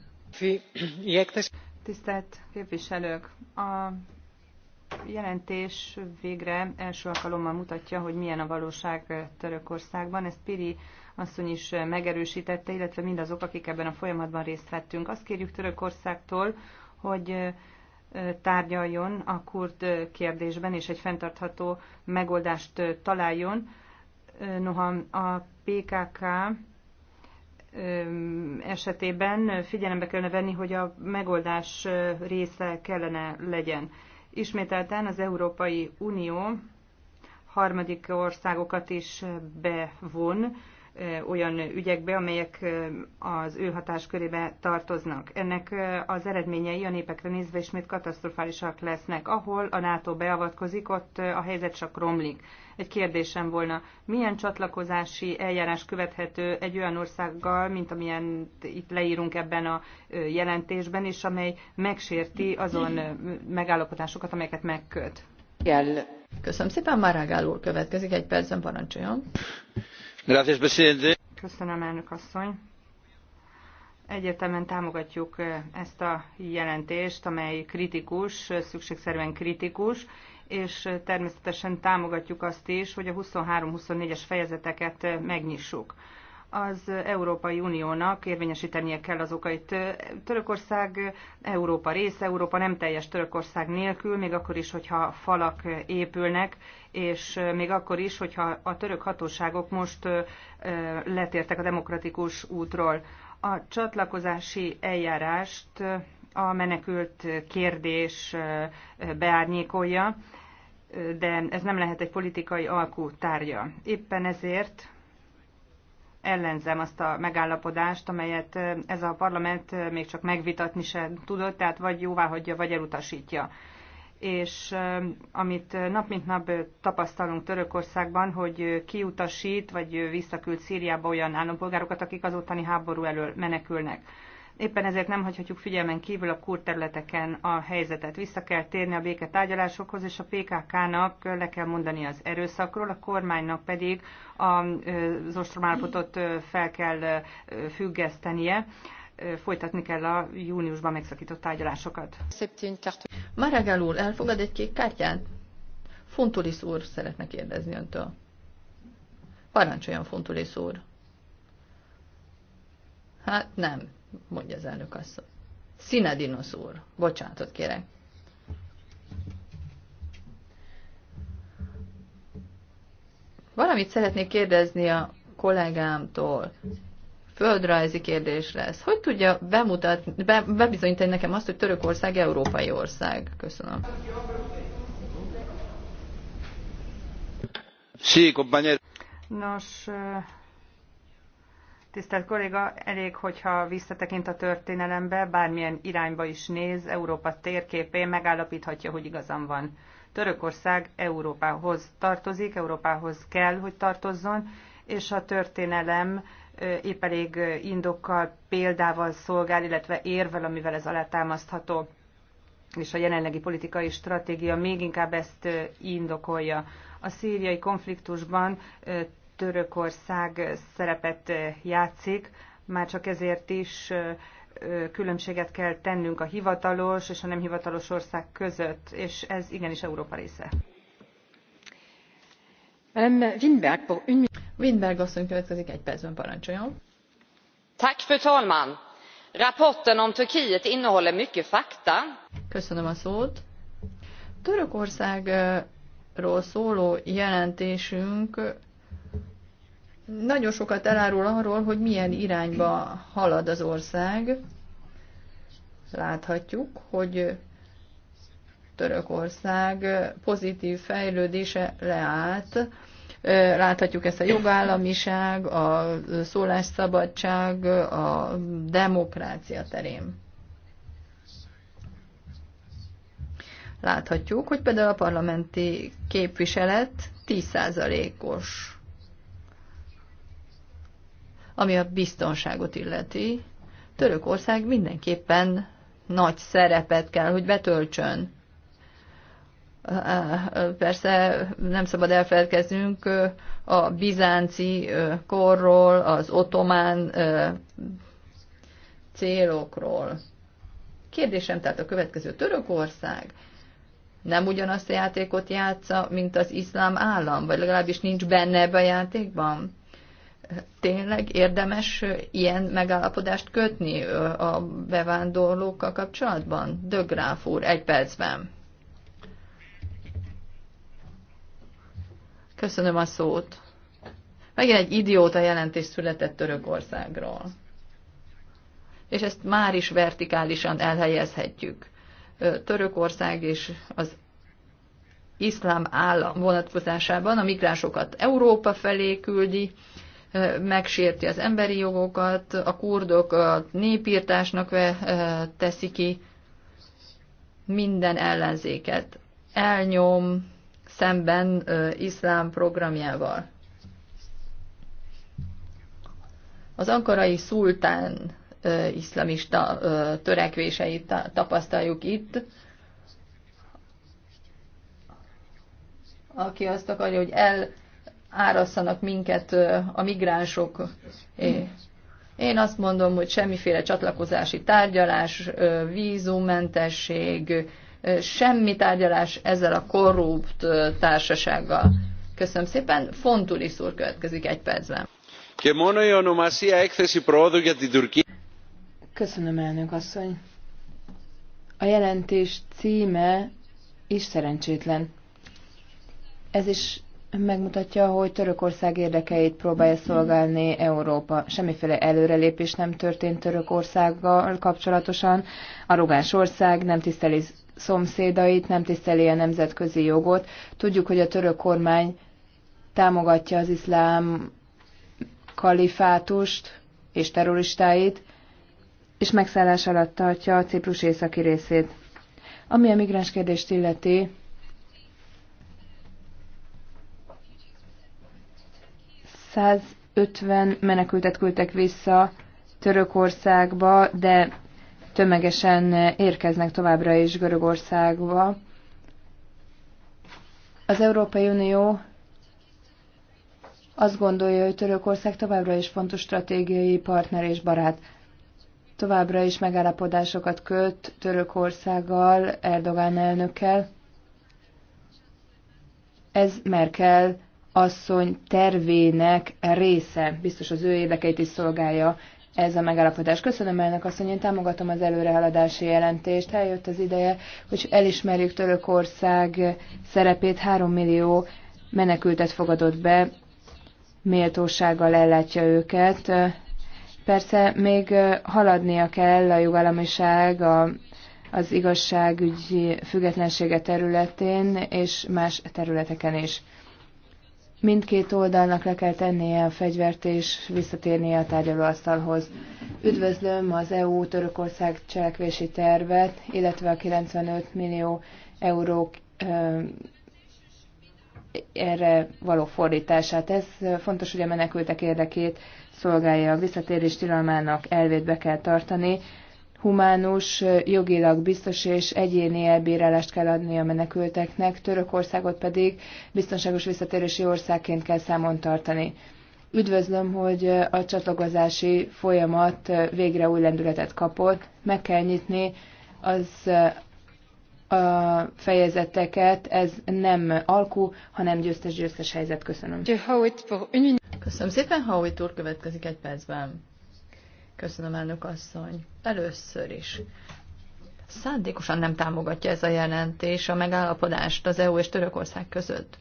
Tisztelt képviselők, a jelentés végre első alkalommal mutatja, hogy milyen a valóság Törökországban. Ezt Piri asszony is megerősítette, illetve mindazok, akik ebben a folyamatban részt vettünk. Azt kérjük Törökországtól, hogy tárgyaljon a kurd kérdésben, és egy fenntartható megoldást találjon. Noha a PKK esetében figyelembe kellene venni, hogy a megoldás része kellene legyen. Ismételten az Európai Unió harmadik országokat is bevon, olyan ügyekbe, amelyek az ő hatáskörébe tartoznak. Ennek az eredményei a népekre nézve ismét katasztrofálisak lesznek. Ahol a NATO beavatkozik, ott a helyzet csak romlik. Egy kérdésem volna, milyen csatlakozási eljárás követhető egy olyan országgal, mint amilyen itt leírunk ebben a jelentésben, és amely megsérti azon megállapodásokat, amelyeket megköt? Köszönöm szépen, Maragál úr következik, egy percen parancsoljon. Köszönöm, elnök asszony. Egyértelműen támogatjuk ezt a jelentést, amely kritikus, szükségszerűen kritikus, és természetesen támogatjuk azt is, hogy a 23-24-es fejezeteket megnyissuk az Európai Uniónak érvényesítenie kell az okait. Törökország Európa része, Európa nem teljes Törökország nélkül, még akkor is, hogyha falak épülnek, és még akkor is, hogyha a török hatóságok most letértek a demokratikus útról. A csatlakozási eljárást a menekült kérdés beárnyékolja, de ez nem lehet egy politikai alkú tárgya. Éppen ezért ellenzem azt a megállapodást, amelyet ez a parlament még csak megvitatni sem tudott, tehát vagy jóváhagyja, vagy elutasítja. És amit nap mint nap tapasztalunk Törökországban, hogy kiutasít, vagy visszaküld Szíriába olyan állampolgárokat, akik az ottani háború elől menekülnek Éppen ezért nem hagyhatjuk figyelmen kívül a kur területeken a helyzetet. Vissza kell térni a béketárgyalásokhoz, és a PKK-nak le kell mondani az erőszakról, a kormánynak pedig az ostromállapotot fel kell függesztenie folytatni kell a júniusban megszakított tárgyalásokat. Maragall úr, elfogad egy kék kártyát? Funtulis úr szeretne kérdezni öntől. Parancsoljon, Funtulis úr. Hát nem, mondja az elnök asszony. Szinedinosz bocsánatot kérek. Valamit szeretnék kérdezni a kollégámtól. Földrajzi kérdés lesz. Hogy tudja bemutatni, be, bebizonyítani nekem azt, hogy Törökország európai ország? Köszönöm. Nos, Tisztelt kolléga, elég, hogyha visszatekint a történelembe, bármilyen irányba is néz, Európa térképén megállapíthatja, hogy igazam van. Törökország Európához tartozik, Európához kell, hogy tartozzon, és a történelem épp elég indokkal, példával szolgál, illetve érvel, amivel ez alátámasztható és a jelenlegi politikai stratégia még inkább ezt indokolja. A szíriai konfliktusban Törökország szerepet játszik, már csak ezért is különbséget kell tennünk a hivatalos és a nem hivatalos ország között, és ez igenis Európa része. Winberg, Winberg asszony következik egy percben, parancsoljon. Tack, fru talman! Rapporten om Turkiet innehåller mycket fakta. Köszönöm a szót. Törökországról szóló jelentésünk nagyon sokat elárul arról, hogy milyen irányba halad az ország. Láthatjuk, hogy Törökország pozitív fejlődése leállt. Láthatjuk ezt a jogállamiság, a szólásszabadság, a demokrácia terén. Láthatjuk, hogy például a parlamenti képviselet 10%-os ami a biztonságot illeti, Törökország mindenképpen nagy szerepet kell, hogy betöltsön. Persze nem szabad elfelelkeznünk a bizánci korról, az otomán célokról. Kérdésem tehát a következő. Törökország nem ugyanazt a játékot játsza, mint az iszlám állam, vagy legalábbis nincs benne ebbe a játékban? tényleg érdemes ilyen megállapodást kötni a bevándorlókkal kapcsolatban? Dögráf úr, egy percben. Köszönöm a szót. Megint egy idióta jelentés született Törökországról. És ezt már is vertikálisan elhelyezhetjük. Törökország és az iszlám állam vonatkozásában a migránsokat Európa felé küldi, megsérti az emberi jogokat, a kurdok a népírtásnak teszi ki minden ellenzéket. Elnyom szemben iszlám programjával. Az ankarai szultán iszlamista törekvéseit tapasztaljuk itt, aki azt akarja, hogy el árasszanak minket a migránsok. Én azt mondom, hogy semmiféle csatlakozási tárgyalás, vízummentesség, semmi tárgyalás ezzel a korrupt társasággal. Köszönöm szépen. Fontulis úr következik egy percben. Köszönöm, elnök asszony. A jelentés címe is szerencsétlen. Ez is megmutatja, hogy Törökország érdekeit próbálja szolgálni Európa. Semmiféle előrelépés nem történt Törökországgal kapcsolatosan. Arrogáns ország nem tiszteli szomszédait, nem tiszteli a nemzetközi jogot. Tudjuk, hogy a török kormány támogatja az iszlám kalifátust és terroristáit, és megszállás alatt tartja a Ciprus északi részét. Ami a migráns kérdést illeti, 150 menekültet küldtek vissza Törökországba, de tömegesen érkeznek továbbra is Görögországba. Az Európai Unió azt gondolja, hogy Törökország továbbra is fontos stratégiai partner és barát. Továbbra is megállapodásokat köt Törökországgal, Erdogán elnökkel. Ez Merkel asszony tervének része. Biztos az ő érdekeit is szolgálja ez a megállapodás. Köszönöm elnök asszony, én támogatom az előrehaladási jelentést. Eljött az ideje, hogy elismerjük Törökország szerepét. 3 millió menekültet fogadott be, méltósággal ellátja őket. Persze még haladnia kell a jogállamiság, a, az igazságügyi függetlensége területén és más területeken is. Mindkét oldalnak le kell tennie a fegyvert és visszatérnie a tárgyalóasztalhoz. Üdvözlöm az EU-Törökország cselekvési tervet, illetve a 95 millió euró erre való fordítását. Ez fontos, hogy a menekültek érdekét szolgálja a visszatérés tilalmának elvét be kell tartani humánus, jogilag biztos és egyéni elbírálást kell adni a menekülteknek, Törökországot pedig biztonságos visszatérési országként kell számon tartani. Üdvözlöm, hogy a csatlakozási folyamat végre új lendületet kapott. Meg kell nyitni az a fejezeteket, ez nem alkú, hanem győztes-győztes helyzet. Köszönöm. Köszönöm szépen, Howitt úr következik egy percben. Köszönöm, elnök asszony. Először is. Szándékosan nem támogatja ez a jelentés a megállapodást az EU és Törökország között.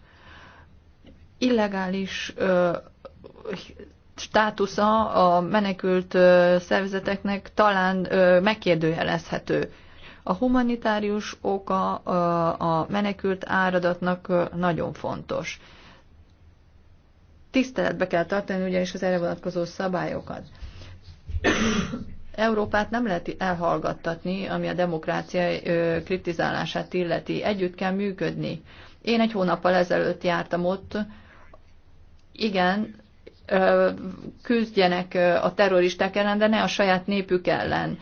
Illegális ö, státusza a menekült ö, szervezeteknek talán ö, megkérdőjelezhető. A humanitárius oka ö, a menekült áradatnak ö, nagyon fontos. Tiszteletbe kell tartani ugyanis az erre vonatkozó szabályokat Európát nem lehet elhallgattatni, ami a demokrácia kritizálását illeti. Együtt kell működni. Én egy hónappal ezelőtt jártam ott. Igen, küzdjenek a terroristák ellen, de ne a saját népük ellen.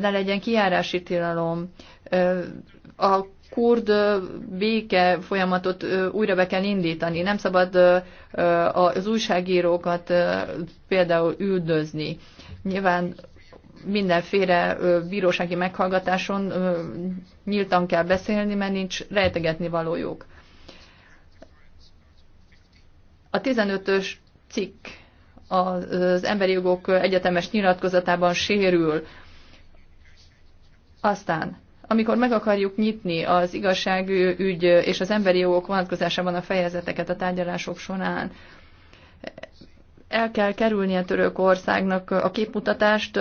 Ne legyen kiárási tilalom. A kurd béke folyamatot újra be kell indítani. Nem szabad az újságírókat például üldözni Nyilván mindenféle bírósági meghallgatáson nyíltan kell beszélni, mert nincs rejtegetni valójuk. A 15-ös cikk az emberi jogok egyetemes nyilatkozatában sérül. Aztán, amikor meg akarjuk nyitni az igazságügy és az emberi jogok vonatkozásában a fejezeteket a tárgyalások során, el kell kerülnie Törökországnak a képmutatást,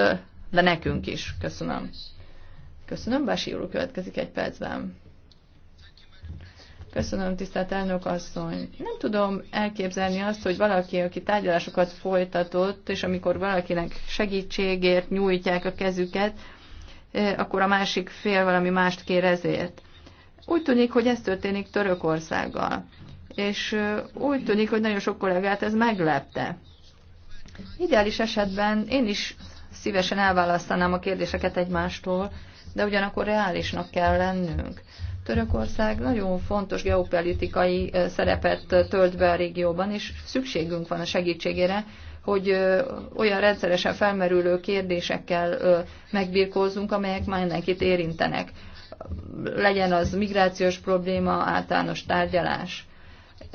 de nekünk is. Köszönöm. Köszönöm, Bási úr következik egy percben. Köszönöm, tisztelt elnök asszony. Nem tudom elképzelni azt, hogy valaki, aki tárgyalásokat folytatott, és amikor valakinek segítségért nyújtják a kezüket, akkor a másik fél valami mást kér ezért. Úgy tűnik, hogy ez történik Törökországgal. És úgy tűnik, hogy nagyon sok kollégát ez meglepte. Ideális esetben én is szívesen elválasztanám a kérdéseket egymástól, de ugyanakkor reálisnak kell lennünk. Törökország nagyon fontos geopolitikai szerepet tölt be a régióban, és szükségünk van a segítségére, hogy olyan rendszeresen felmerülő kérdésekkel megbirkózzunk, amelyek már mindenkit érintenek. Legyen az migrációs probléma, általános tárgyalás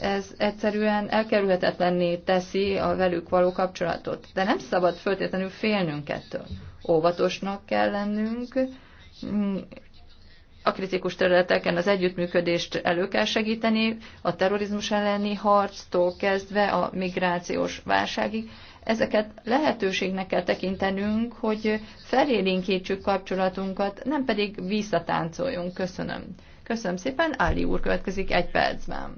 ez egyszerűen elkerülhetetlenné teszi a velük való kapcsolatot. De nem szabad föltétlenül félnünk ettől. Óvatosnak kell lennünk, a kritikus területeken az együttműködést elő kell segíteni, a terrorizmus elleni harctól kezdve a migrációs válságig. Ezeket lehetőségnek kell tekintenünk, hogy felélénkítsük kapcsolatunkat, nem pedig visszatáncoljunk. Köszönöm. Köszönöm szépen, Áli úr következik egy percben.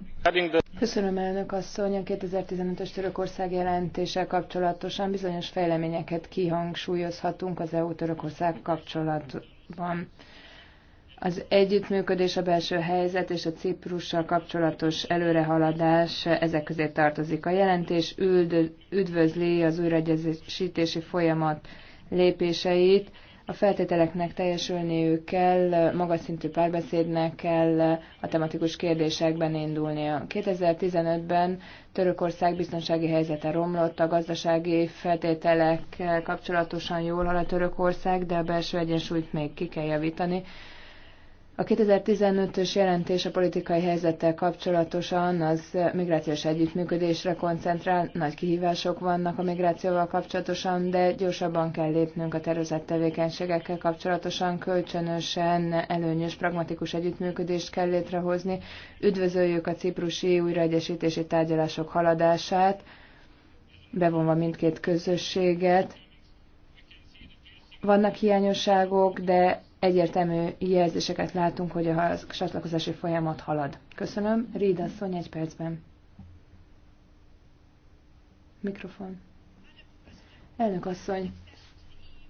Köszönöm elnök asszony, a 2015-ös Törökország jelentéssel kapcsolatosan bizonyos fejleményeket kihangsúlyozhatunk az EU-Törökország kapcsolatban. Az együttműködés, a belső helyzet és a Ciprussal kapcsolatos előrehaladás ezek közé tartozik. A jelentés üldö, üdvözli az újraegyezítési folyamat lépéseit, a feltételeknek teljesülniük kell, magas szintű párbeszédnek kell a tematikus kérdésekben indulnia. 2015-ben Törökország biztonsági helyzete romlott, a gazdasági feltételek kapcsolatosan jól hal a Törökország, de a belső egyensúlyt még ki kell javítani. A 2015-ös jelentés a politikai helyzettel kapcsolatosan az migrációs együttműködésre koncentrál. Nagy kihívások vannak a migrációval kapcsolatosan, de gyorsabban kell lépnünk a tervezett tevékenységekkel kapcsolatosan, kölcsönösen előnyös, pragmatikus együttműködést kell létrehozni. Üdvözöljük a ciprusi újraegyesítési tárgyalások haladását, bevonva mindkét közösséget. Vannak hiányosságok, de egyértelmű jelzéseket látunk, hogy a csatlakozási folyamat halad. Köszönöm. Réd asszony, egy percben. Mikrofon. Elnök asszony,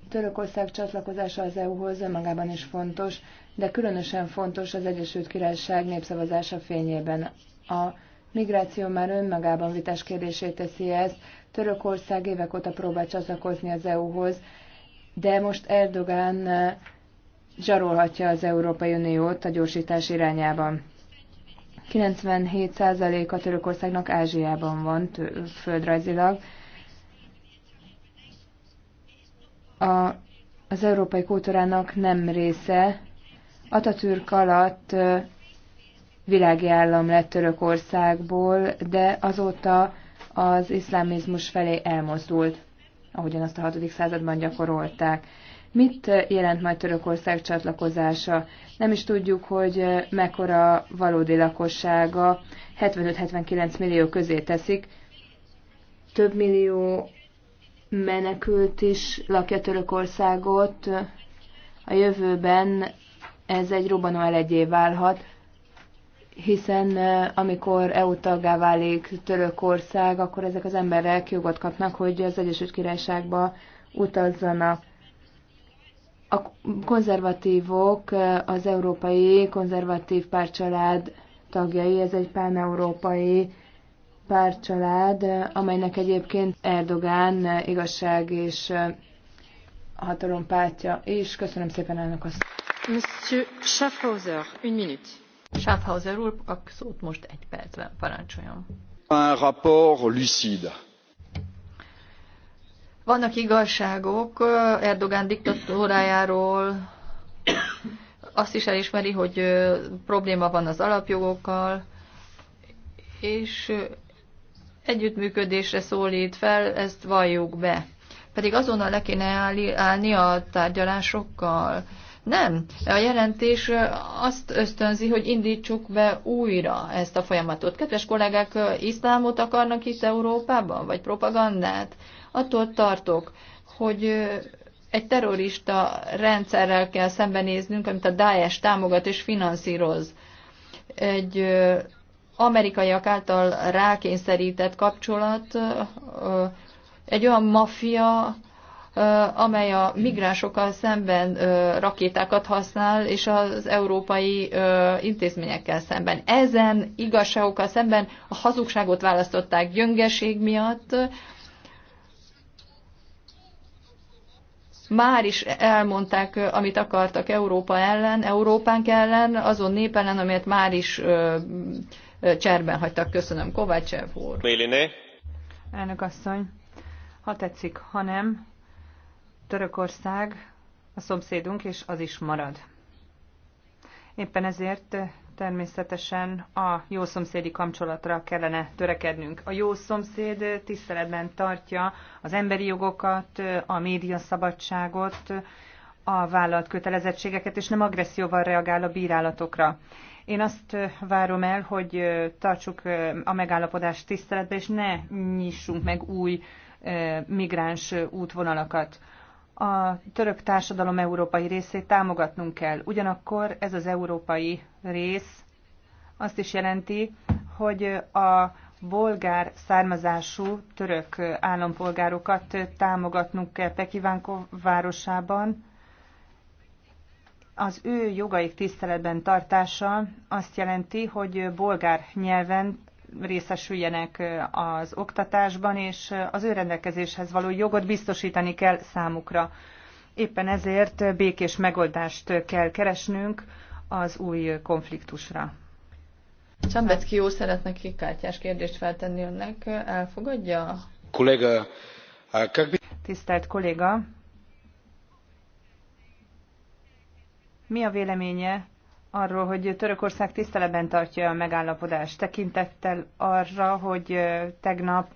Törökország csatlakozása az EU-hoz önmagában is fontos, de különösen fontos az Egyesült Királyság népszavazása fényében. A migráció már önmagában vitás kérdését teszi ezt. Törökország évek óta próbál csatlakozni az EU-hoz, de most Erdogán zsarolhatja az Európai Uniót a gyorsítás irányában. 97%-a Törökországnak Ázsiában van földrajzilag. A, az európai kultúrának nem része. Atatürk alatt világi állam lett Törökországból, de azóta az iszlámizmus felé elmozdult, ahogyan azt a 6. században gyakorolták. Mit jelent majd Törökország csatlakozása? Nem is tudjuk, hogy mekkora valódi lakossága 75-79 millió közé teszik. Több millió menekült is lakja Törökországot. A jövőben ez egy robbanó elegyé válhat, hiszen eh, amikor EU taggá válik Törökország, akkor ezek az emberek jogot kapnak, hogy az Egyesült Királyságba utazzanak a konzervatívok az európai konzervatív párcsalád tagjai, ez egy pán-európai párcsalád, amelynek egyébként Erdogán igazság és hatalom pártja, és köszönöm szépen elnök azt. Monsieur Schaffhauser, une minute. Schaffhauser úr, a szót most egy percben parancsoljon. Un rapport lucide vannak igazságok Erdogán diktatúrájáról, azt is elismeri, hogy probléma van az alapjogokkal, és együttműködésre szólít fel, ezt valljuk be. Pedig azonnal le kéne állni a tárgyalásokkal. Nem. A jelentés azt ösztönzi, hogy indítsuk be újra ezt a folyamatot. Kedves kollégák, iszlámot akarnak itt Európában, vagy propagandát? Attól tartok, hogy egy terrorista rendszerrel kell szembenéznünk, amit a Daesh támogat és finanszíroz. Egy amerikaiak által rákényszerített kapcsolat, egy olyan maffia, amely a migránsokkal szemben rakétákat használ, és az európai intézményekkel szemben. Ezen igazságokkal szemben a hazugságot választották gyöngeség miatt, már is elmondták, amit akartak Európa ellen, Európánk ellen, azon nép ellen, amelyet már is cserben hagytak. Köszönöm, Kovácsev úr. Méliné. Elnök asszony, ha tetszik, ha nem, Törökország a szomszédunk, és az is marad. Éppen ezért természetesen a jó szomszédi kapcsolatra kellene törekednünk. A jó szomszéd tiszteletben tartja az emberi jogokat, a média szabadságot, a vállalt kötelezettségeket, és nem agresszióval reagál a bírálatokra. Én azt várom el, hogy tartsuk a megállapodást tiszteletben, és ne nyissunk meg új eh, migráns útvonalakat a török társadalom európai részét támogatnunk kell. Ugyanakkor ez az európai rész azt is jelenti, hogy a bolgár származású török állampolgárokat támogatnunk kell Pekivánkó városában. Az ő jogaik tiszteletben tartása azt jelenti, hogy bolgár nyelven részesüljenek az oktatásban, és az ő rendelkezéshez való jogot biztosítani kell számukra. Éppen ezért békés megoldást kell keresnünk az új konfliktusra. Csambecki úr szeretne kikártyás kérdést feltenni önnek. Elfogadja? Kollega, Tisztelt kolléga, mi a véleménye arról, hogy Törökország tiszteleben tartja a megállapodást tekintettel arra, hogy tegnap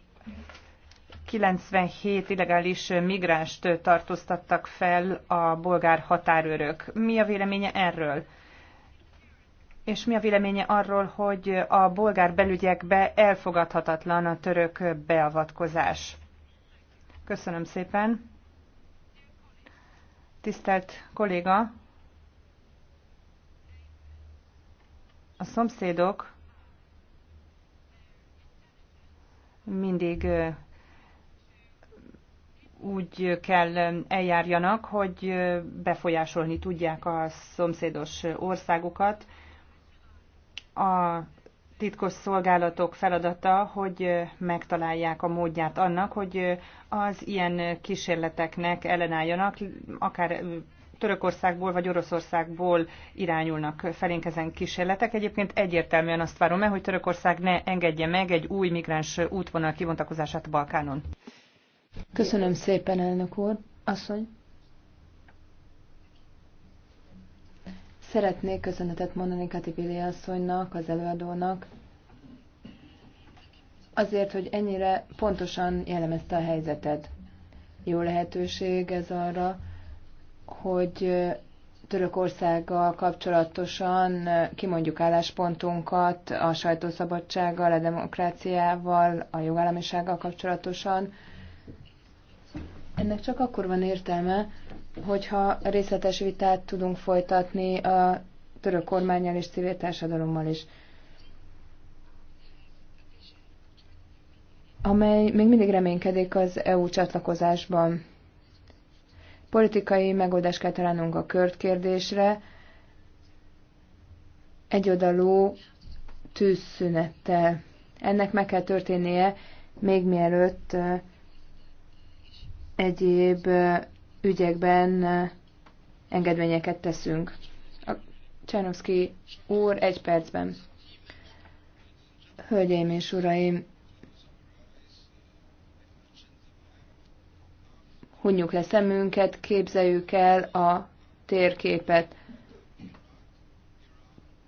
97 illegális migránst tartóztattak fel a bolgár határőrök. Mi a véleménye erről? És mi a véleménye arról, hogy a bolgár belügyekbe elfogadhatatlan a török beavatkozás? Köszönöm szépen. Tisztelt kolléga, A szomszédok mindig úgy kell eljárjanak, hogy befolyásolni tudják a szomszédos országokat. A titkos szolgálatok feladata, hogy megtalálják a módját annak, hogy az ilyen kísérleteknek ellenálljanak, akár Törökországból vagy Oroszországból irányulnak felénk ezen kísérletek. Egyébként egyértelműen azt várom el, hogy Törökország ne engedje meg egy új migráns útvonal kivontakozását a Balkánon. Köszönöm szépen, elnök úr. Asszony. Szeretnék köszönetet mondani Pili asszonynak, az előadónak, azért, hogy ennyire pontosan jellemezte a helyzetet. Jó lehetőség ez arra, hogy Törökországgal kapcsolatosan kimondjuk álláspontunkat a sajtószabadsággal, a demokráciával, a jogállamisággal kapcsolatosan. Ennek csak akkor van értelme, hogyha részletes vitát tudunk folytatni a török kormányjal és civil társadalommal is. amely még mindig reménykedik az EU csatlakozásban. Politikai megoldást kell találnunk a kört kérdésre, egyoldalú tűzszünettel. Ennek meg kell történnie, még mielőtt egyéb ügyekben engedményeket teszünk. A Csernovszki úr egy percben. Hölgyeim és uraim, hunyjuk le szemünket, képzeljük el a térképet.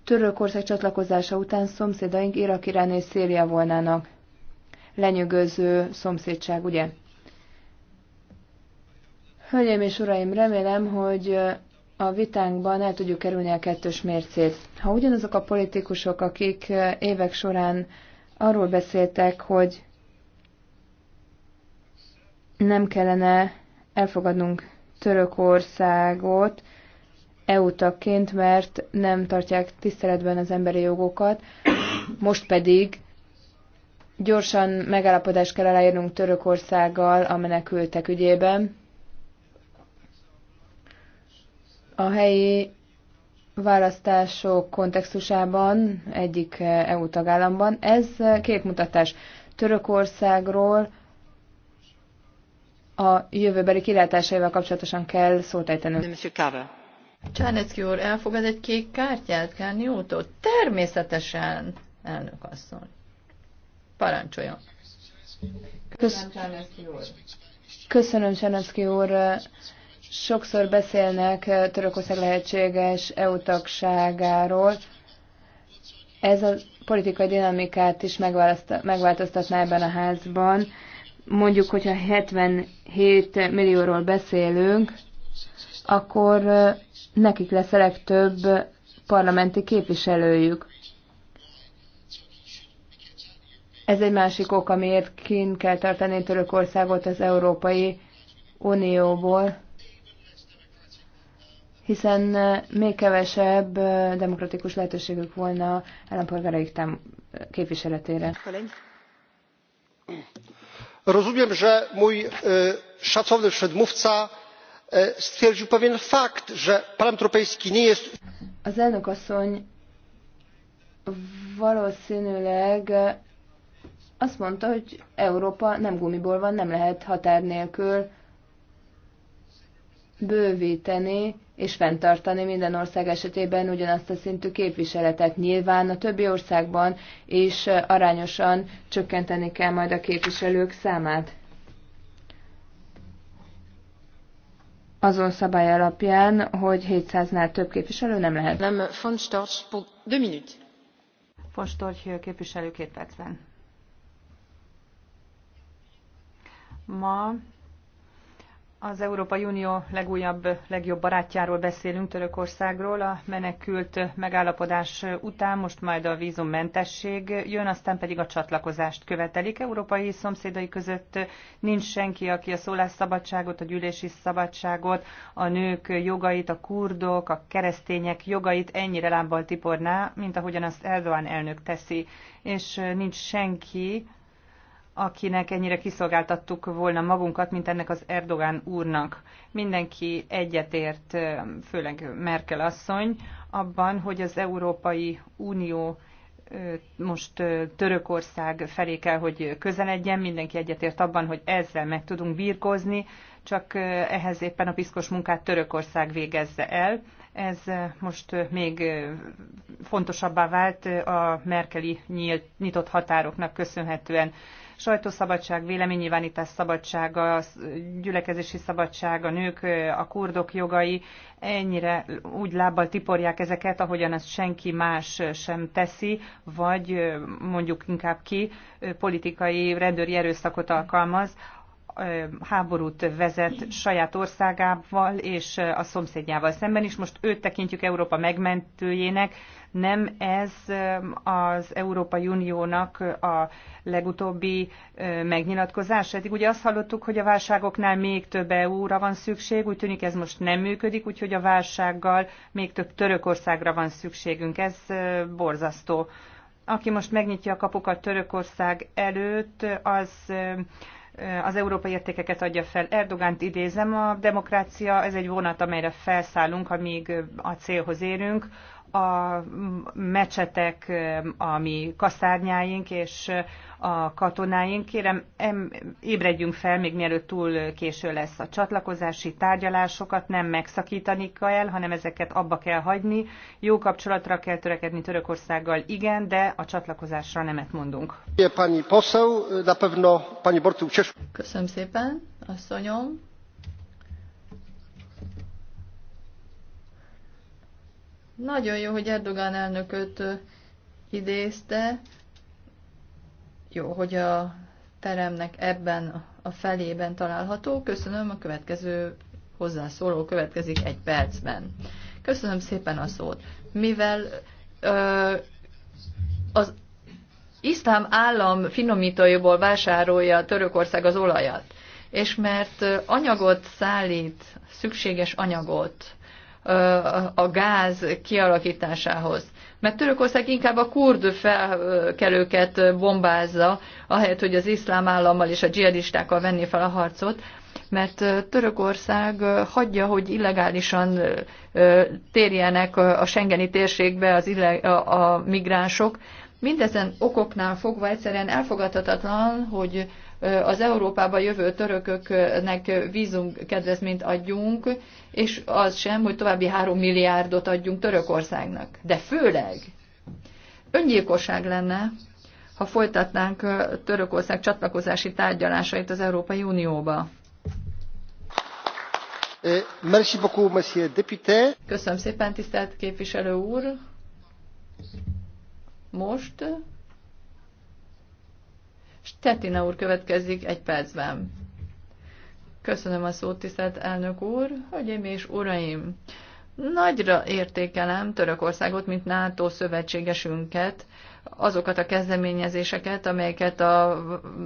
Törökország csatlakozása után szomszédaink Irak, irány és Szíria volnának. Lenyűgöző szomszédság, ugye? Hölgyeim és uraim, remélem, hogy a vitánkban el tudjuk kerülni a kettős mércét. Ha ugyanazok a politikusok, akik évek során arról beszéltek, hogy nem kellene elfogadnunk Törökországot EU tagként, mert nem tartják tiszteletben az emberi jogokat, most pedig gyorsan megállapodást kell aláírnunk Törökországgal a menekültek ügyében. A helyi választások kontextusában egyik EU tagállamban. Ez képmutatás Törökországról, a jövőbeli kilátásaival kapcsolatosan kell szót ejtenünk. Csárnecki úr, elfogad egy kék kártyát Kárnyi útól? Természetesen, elnök asszony. Parancsoljon. Köszönöm, Csárnecki úr. Köszönöm, Csárnecki úr. Sokszor beszélnek eh, Törökország lehetséges EU-tagságáról. Ez a politikai dinamikát is megváltoztatná ebben a házban mondjuk, hogyha 77 millióról beszélünk, akkor nekik lesz a legtöbb parlamenti képviselőjük. Ez egy másik ok, amiért kín kell tartani Törökországot az Európai Unióból, hiszen még kevesebb demokratikus lehetőségük volna állampolgáraik képviseletére rozumiem że mój e, szacowny przedmówca e, stwierdził pewien fakt że parlament europejski nie jest. az elnök asszony valószínűleg azt mondta hogy európa nem gumiból van nem lehet határ nélkül bővteni és fenntartani minden ország esetében ugyanazt a szintű képviseletet. Nyilván a többi országban is arányosan csökkenteni kell majd a képviselők számát. Azon szabály alapján, hogy 700-nál több képviselő nem lehet. Nem, von Storch, deux minutes. Von Storch képviselő két percben. Ma az Európai Unió legújabb, legjobb barátjáról beszélünk, Törökországról. A menekült megállapodás után most majd a vízummentesség jön, aztán pedig a csatlakozást követelik. Európai szomszédai között nincs senki, aki a szólásszabadságot, a gyűlési szabadságot, a nők jogait, a kurdok, a keresztények jogait ennyire lábbal tiporná, mint ahogyan azt Erdogan elnök teszi. És nincs senki, akinek ennyire kiszolgáltattuk volna magunkat, mint ennek az Erdogán úrnak. Mindenki egyetért, főleg Merkel asszony, abban, hogy az Európai Unió most Törökország felé kell, hogy közeledjen, mindenki egyetért abban, hogy ezzel meg tudunk birkózni, csak ehhez éppen a piszkos munkát Törökország végezze el. Ez most még fontosabbá vált a merkeli nyílt, nyitott határoknak köszönhetően sajtószabadság, véleménynyilvánítás szabadsága, gyülekezési szabadság, a nők, a kurdok jogai ennyire úgy lábbal tiporják ezeket, ahogyan ezt senki más sem teszi, vagy mondjuk inkább ki politikai rendőri erőszakot alkalmaz, háborút vezet saját országával és a szomszédjával szemben is. Most őt tekintjük Európa megmentőjének. Nem ez az Európai Uniónak a legutóbbi megnyilatkozás. Eddig ugye azt hallottuk, hogy a válságoknál még több EU-ra van szükség, úgy tűnik ez most nem működik, úgyhogy a válsággal még több Törökországra van szükségünk. Ez borzasztó aki most megnyitja a kapukat Törökország előtt, az az európai értékeket adja fel. Erdogánt idézem, a demokrácia ez egy vonat, amelyre felszállunk, amíg a célhoz érünk a mecsetek, a mi kaszárnyáink és a katonáink. Kérem, em, ébredjünk fel, még mielőtt túl késő lesz a csatlakozási tárgyalásokat, nem megszakítani kell, hanem ezeket abba kell hagyni. Jó kapcsolatra kell törekedni Törökországgal, igen, de a csatlakozásra nemet mondunk. Köszönöm szépen, asszonyom. Nagyon jó, hogy Erdogan elnököt idézte. Jó, hogy a teremnek ebben a felében található. Köszönöm a következő hozzászóló következik egy percben. Köszönöm szépen a szót. Mivel ö, az iszlám állam finomítóiból vásárolja Törökország az olajat, és mert anyagot szállít, szükséges anyagot a gáz kialakításához. Mert Törökország inkább a kurd felkelőket bombázza, ahelyett, hogy az iszlám állammal és a dzsihadistákkal venné fel a harcot, mert Törökország hagyja, hogy illegálisan térjenek a Schengeni térségbe az illeg- a, a migránsok. Mindezen okoknál fogva egyszerűen elfogadhatatlan, hogy az Európába jövő törököknek vízum kedvezményt adjunk, és az sem, hogy további három milliárdot adjunk Törökországnak. De főleg öngyilkosság lenne, ha folytatnánk Törökország csatlakozási tárgyalásait az Európai Unióba. Köszönöm szépen, tisztelt képviselő úr. Most Stettina úr következik egy percben. Köszönöm a szót, tisztelt elnök úr, hölgyeim és uraim! Nagyra értékelem Törökországot, mint NATO szövetségesünket, azokat a kezdeményezéseket, amelyeket a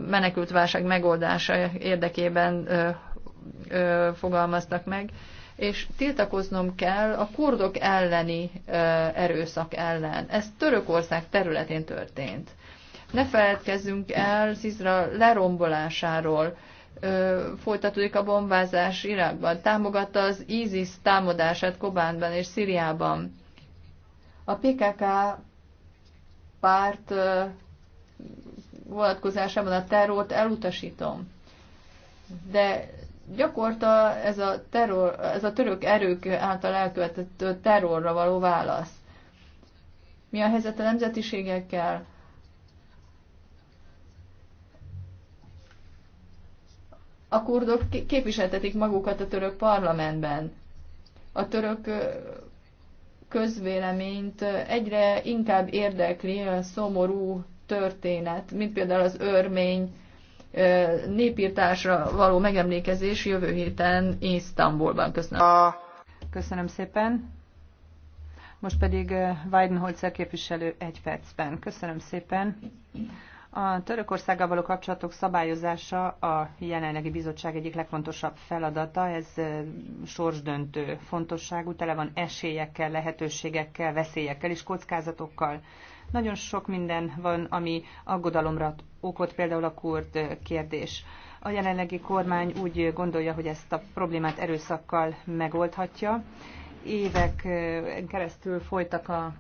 menekültválság megoldása érdekében ö, ö, fogalmaztak meg, és tiltakoznom kell a kurdok elleni ö, erőszak ellen. Ez Törökország területén történt. Ne feledkezzünk el Szizra lerombolásáról. Folytatódik a bombázás Irakban. Támogatta az ISIS támadását Kobánban és Szíriában. A PKK párt vonatkozásában a terrort elutasítom. De gyakorta ez a, terror, ez a török erők által elkövetett terrorra való válasz. Mi a helyzet a nemzetiségekkel? a kurdok képviseltetik magukat a török parlamentben. A török közvéleményt egyre inkább érdekli a szomorú történet, mint például az örmény népírtásra való megemlékezés jövő héten Isztambulban. Köszönöm. Köszönöm szépen. Most pedig Weidenholzer képviselő egy percben. Köszönöm szépen. A Törökországgal való kapcsolatok szabályozása a jelenlegi bizottság egyik legfontosabb feladata, ez sorsdöntő fontosságú, tele van esélyekkel, lehetőségekkel, veszélyekkel és kockázatokkal. Nagyon sok minden van, ami aggodalomra okot, például a kurd kérdés. A jelenlegi kormány úgy gondolja, hogy ezt a problémát erőszakkal megoldhatja évek keresztül folytak a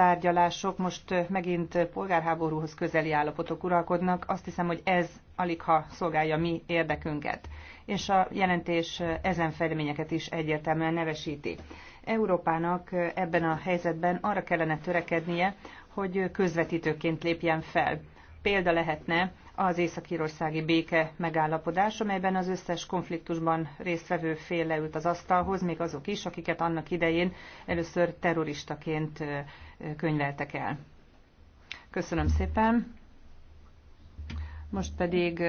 tárgyalások most megint polgárháborúhoz közeli állapotok uralkodnak. Azt hiszem, hogy ez alig ha szolgálja mi érdekünket. És a jelentés ezen fejleményeket is egyértelműen nevesíti. Európának ebben a helyzetben arra kellene törekednie, hogy közvetítőként lépjen fel. Példa lehetne az észak béke megállapodás, amelyben az összes konfliktusban résztvevő fél leült az asztalhoz, még azok is, akiket annak idején először terroristaként könyveltek el. Köszönöm szépen. Most pedig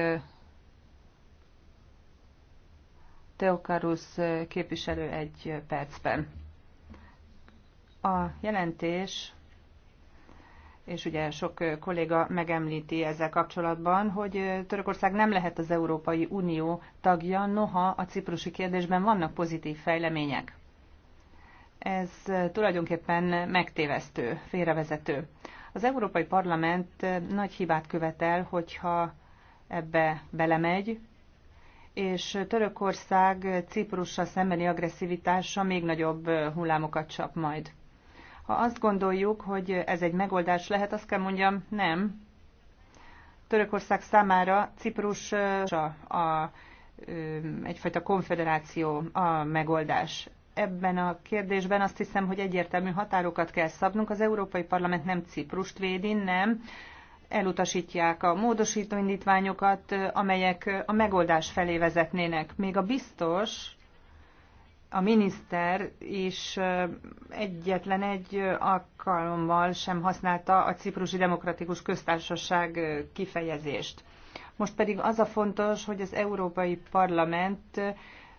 Teokarus képviselő egy percben. A jelentés és ugye sok kolléga megemlíti ezzel kapcsolatban, hogy Törökország nem lehet az Európai Unió tagja, noha a ciprusi kérdésben vannak pozitív fejlemények. Ez tulajdonképpen megtévesztő, félrevezető. Az Európai Parlament nagy hibát követel, hogyha ebbe belemegy, és Törökország Ciprussal szembeni agresszivitása még nagyobb hullámokat csap majd. Ha azt gondoljuk, hogy ez egy megoldás lehet, azt kell mondjam, nem. Törökország számára Ciprus a, a, egyfajta konfederáció a megoldás ebben a kérdésben azt hiszem, hogy egyértelmű határokat kell szabnunk. Az Európai Parlament nem Ciprust védi, nem elutasítják a módosító indítványokat, amelyek a megoldás felé vezetnének. Még a biztos a miniszter is egyetlen egy alkalommal sem használta a ciprusi demokratikus köztársaság kifejezést. Most pedig az a fontos, hogy az Európai Parlament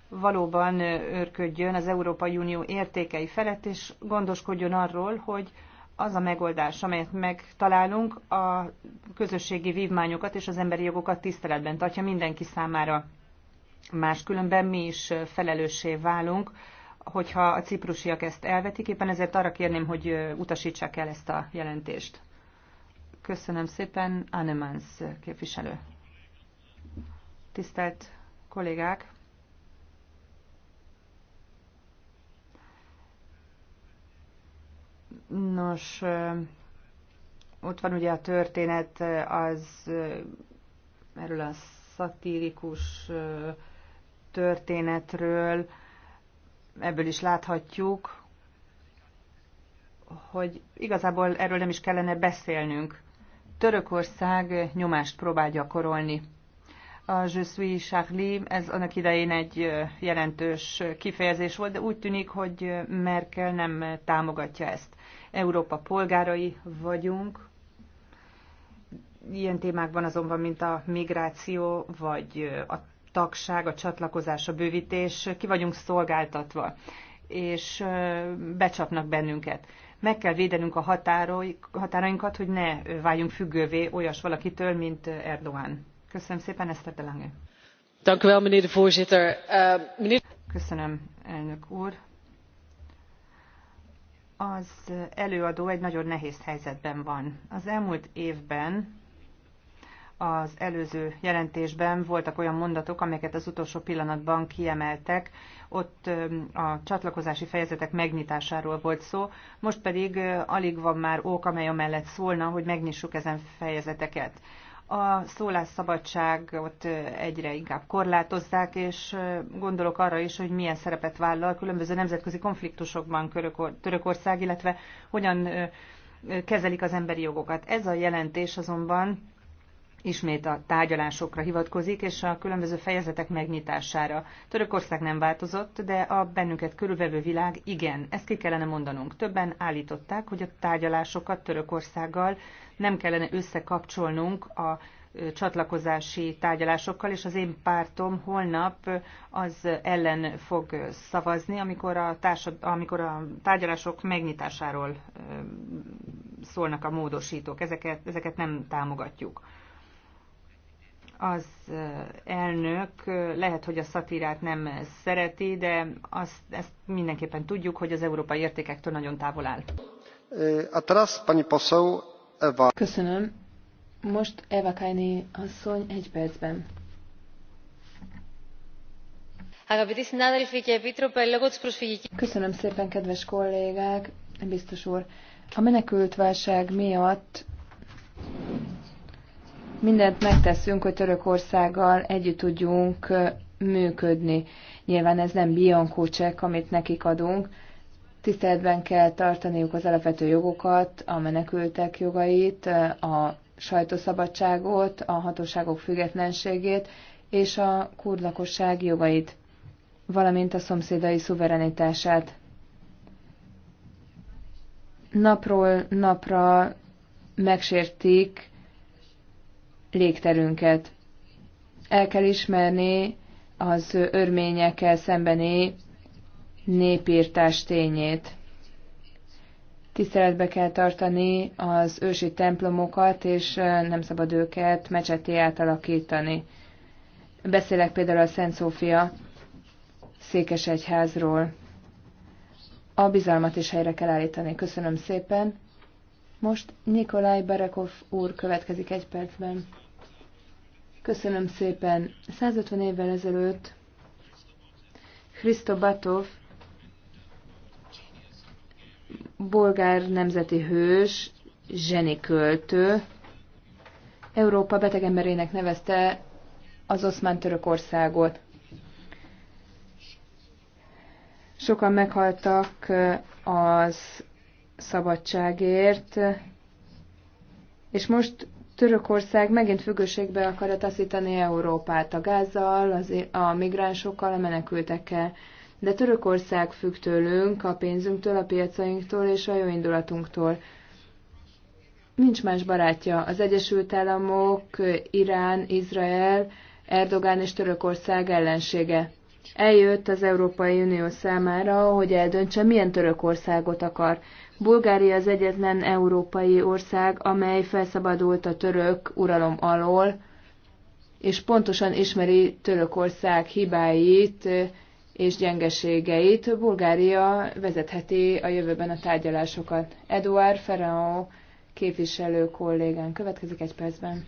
valóban őrködjön az Európai Unió értékei felett, és gondoskodjon arról, hogy az a megoldás, amelyet megtalálunk, a közösségi vívmányokat és az emberi jogokat tiszteletben tartja mindenki számára. Máskülönben mi is felelőssé válunk, hogyha a ciprusiak ezt elvetik. Éppen ezért arra kérném, hogy utasítsák el ezt a jelentést. Köszönöm szépen, Annemans képviselő. Tisztelt kollégák! Nos, ott van ugye a történet az erről a szatirikus történetről, ebből is láthatjuk, hogy igazából erről nem is kellene beszélnünk. Törökország nyomást próbál gyakorolni. A Je suis Charlie, ez annak idején egy jelentős kifejezés volt, de úgy tűnik, hogy Merkel nem támogatja ezt. Európa polgárai vagyunk, ilyen témákban azonban, mint a migráció vagy a tagság, a csatlakozás, a bővítés, ki vagyunk szolgáltatva, és becsapnak bennünket. Meg kell védenünk a határainkat, hogy ne váljunk függővé olyas valakitől, mint Erdogan. Köszönöm szépen, Eszter Delange. Eh, Köszönöm, elnök úr. Az előadó egy nagyon nehéz helyzetben van. Az elmúlt évben az előző jelentésben voltak olyan mondatok, amelyeket az utolsó pillanatban kiemeltek. Ott a csatlakozási fejezetek megnyitásáról volt szó, most pedig alig van már ok, amely mellett szólna, hogy megnyissuk ezen fejezeteket. A szólásszabadságot egyre inkább korlátozzák, és gondolok arra is, hogy milyen szerepet vállal különböző nemzetközi konfliktusokban Törökország, illetve hogyan kezelik az emberi jogokat. Ez a jelentés azonban ismét a tárgyalásokra hivatkozik, és a különböző fejezetek megnyitására. Törökország nem változott, de a bennünket körülvevő világ igen, ezt ki kellene mondanunk. Többen állították, hogy a tárgyalásokat Törökországgal nem kellene összekapcsolnunk a csatlakozási tárgyalásokkal, és az én pártom holnap az ellen fog szavazni, amikor a, társad, amikor a tárgyalások megnyitásáról szólnak a módosítók. Ezeket, ezeket nem támogatjuk az elnök lehet, hogy a szatírát nem szereti, de azt, ezt mindenképpen tudjuk, hogy az európai értékektől nagyon távol áll. A teraz pani poseł Eva. Köszönöm. Most Eva Kajni asszony egy percben. Köszönöm szépen, kedves kollégák, biztos úr. A menekültválság miatt mindent megteszünk, hogy Törökországgal együtt tudjunk működni. Nyilván ez nem biankócsek, amit nekik adunk. Tiszteletben kell tartaniuk az alapvető jogokat, a menekültek jogait, a sajtószabadságot, a hatóságok függetlenségét és a kurd jogait, valamint a szomszédai szuverenitását. Napról napra megsértik légterünket. El kell ismerni az örményekkel szembeni népírtás tényét. Tiszteletbe kell tartani az ősi templomokat, és nem szabad őket mecseté átalakítani. Beszélek például a Szent Szófia székesegyházról. A bizalmat is helyre kell állítani. Köszönöm szépen. Most Nikolaj Berekov úr következik egy percben. Köszönöm szépen. 150 évvel ezelőtt Hristo Batov, bolgár nemzeti hős, költő, Európa betegemberének nevezte az oszmán Törökországot. Sokan meghaltak eh, az szabadságért, és most Törökország megint függőségbe akarja taszítani Európát a gázzal, az, a migránsokkal, a menekültekkel. De Törökország függ tőlünk, a pénzünktől, a piacainktól és a jó Nincs más barátja. Az Egyesült Államok, Irán, Izrael, Erdogán és Törökország ellensége eljött az Európai Unió számára, hogy eldöntse, milyen Törökországot akar. Bulgária az egyetlen európai ország, amely felszabadult a török uralom alól, és pontosan ismeri Törökország hibáit és gyengeségeit. Bulgária vezetheti a jövőben a tárgyalásokat. Eduard Ferrao képviselő kollégán következik egy percben.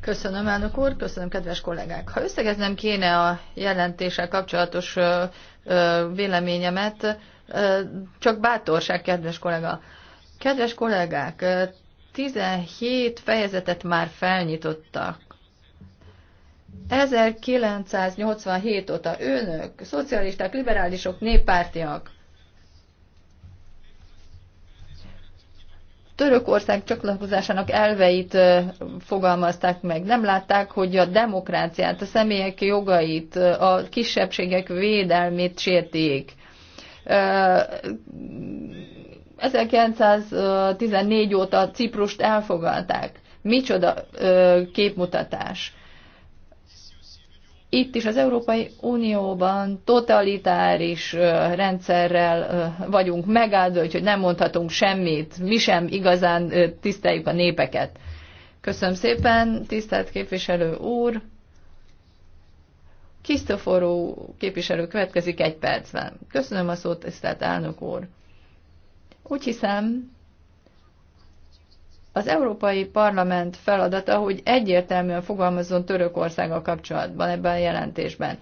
Köszönöm, elnök úr, köszönöm, kedves kollégák. Ha összegeznem kéne a jelentéssel kapcsolatos véleményemet, csak bátorság, kedves kollega. Kedves kollégák, 17 fejezetet már felnyitottak. 1987 óta önök, szocialisták, liberálisok, néppártiak, Törökország csatlakozásának elveit fogalmazták meg. Nem látták, hogy a demokráciát, a személyek jogait, a kisebbségek védelmét sérték. 1914 óta Ciprust elfogadták. Micsoda képmutatás! itt is az Európai Unióban totalitáris rendszerrel vagyunk megáldva, hogy nem mondhatunk semmit, mi sem igazán tiszteljük a népeket. Köszönöm szépen, tisztelt képviselő úr! Kisztoforó képviselő következik egy percben. Köszönöm a szót, tisztelt elnök úr! Úgy hiszem, az Európai Parlament feladata, hogy egyértelműen fogalmazzon Törökországgal kapcsolatban ebben a jelentésben.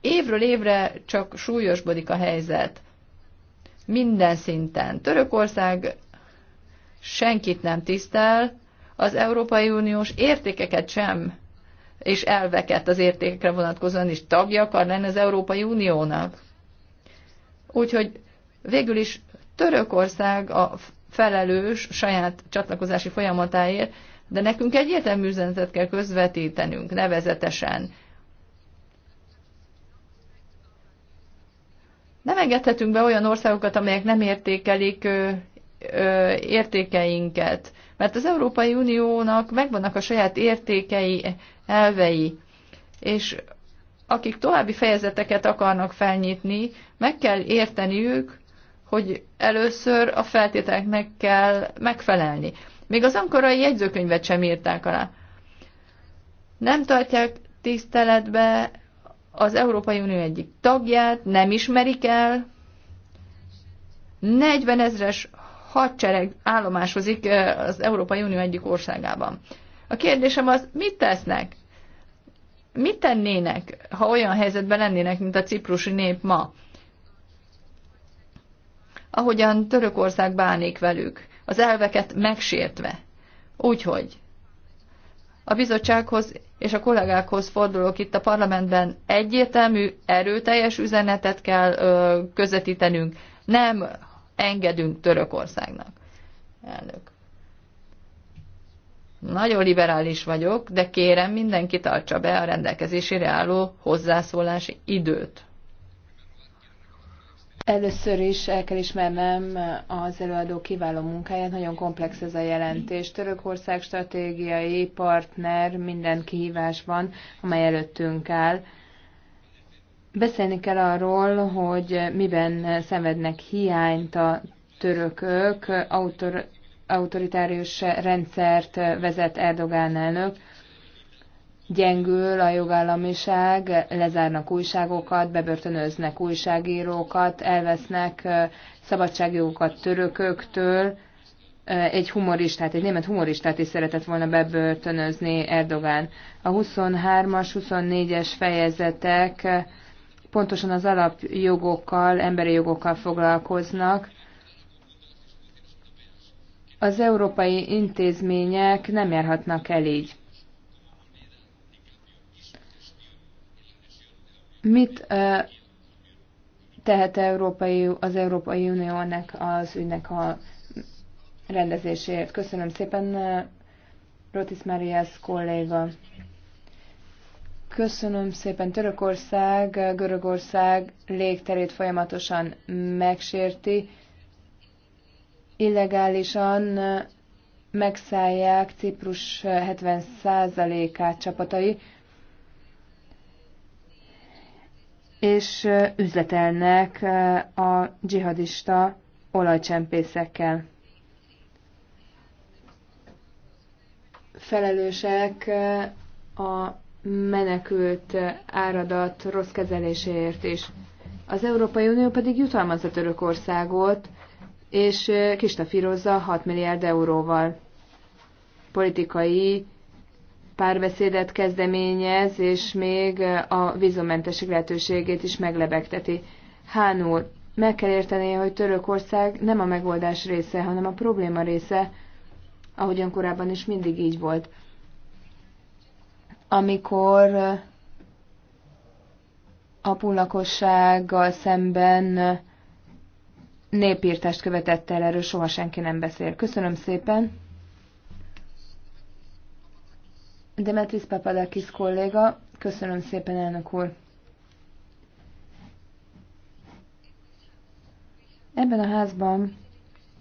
Évről évre csak súlyosbodik a helyzet. Minden szinten. Törökország senkit nem tisztel, az Európai Uniós értékeket sem, és elveket az értékekre vonatkozóan is tagja akar lenni az Európai Uniónak. Úgyhogy végül is Törökország a felelős saját csatlakozási folyamatáért, de nekünk egyértelmű üzenetet kell közvetítenünk, nevezetesen. Nem engedhetünk be olyan országokat, amelyek nem értékelik ö, ö, értékeinket, mert az Európai Uniónak megvannak a saját értékei, elvei, és akik további fejezeteket akarnak felnyitni, meg kell érteniük, hogy először a feltételeknek kell megfelelni. Még az ankorai jegyzőkönyvet sem írták alá. Nem tartják tiszteletbe az Európai Unió egyik tagját, nem ismerik el. 40 ezres hadsereg állomásozik eh, az Európai Unió egyik országában. A kérdésem az, mit tesznek? Mit tennének, ha olyan helyzetben lennének, mint a ciprusi nép ma? ahogyan Törökország bánik velük, az elveket megsértve. Úgyhogy a bizottsághoz és a kollégákhoz fordulok itt a parlamentben, egyértelmű, erőteljes üzenetet kell ö, közvetítenünk, nem engedünk Törökországnak. Elnök. Nagyon liberális vagyok, de kérem mindenki tartsa be a rendelkezésére álló hozzászólási időt. Először is el kell ismernem az előadó kiváló munkáját, nagyon komplex ez a jelentés. Törökország stratégiai partner minden van, amely előttünk áll. Beszélni kell arról, hogy miben szenvednek hiányt a törökök, autor, autoritárius rendszert vezet Erdogán elnök, gyengül a jogállamiság, lezárnak újságokat, bebörtönöznek újságírókat, elvesznek szabadságjogokat törököktől. Egy humoristát, egy német humoristát is szeretett volna bebörtönözni Erdogán. A 23-as, 24-es fejezetek pontosan az alapjogokkal, emberi jogokkal foglalkoznak, az európai intézmények nem járhatnak el így. Mit tehet Európai, az Európai Unió ennek az ügynek a rendezéséért? Köszönöm szépen, Rotis Marias kolléga. Köszönöm szépen. Törökország, Görögország légterét folyamatosan megsérti. Illegálisan megszállják Ciprus 70%-át csapatai. és üzletelnek a dzsihadista olajcsempészekkel. Felelősek a menekült áradat rossz kezeléséért is. Az Európai Unió pedig jutalmazza Törökországot, és kistafírozza 6 milliárd euróval politikai párbeszédet kezdeményez, és még a vízumentesség lehetőségét is meglebegteti. Hán úr, meg kell érteni, hogy Törökország nem a megoldás része, hanem a probléma része, ahogyan korábban is mindig így volt. Amikor a lakossággal szemben népírtást követett el, erről soha senki nem beszél. Köszönöm szépen! Demetris Papadakis kolléga, köszönöm szépen, elnök úr. Ebben a házban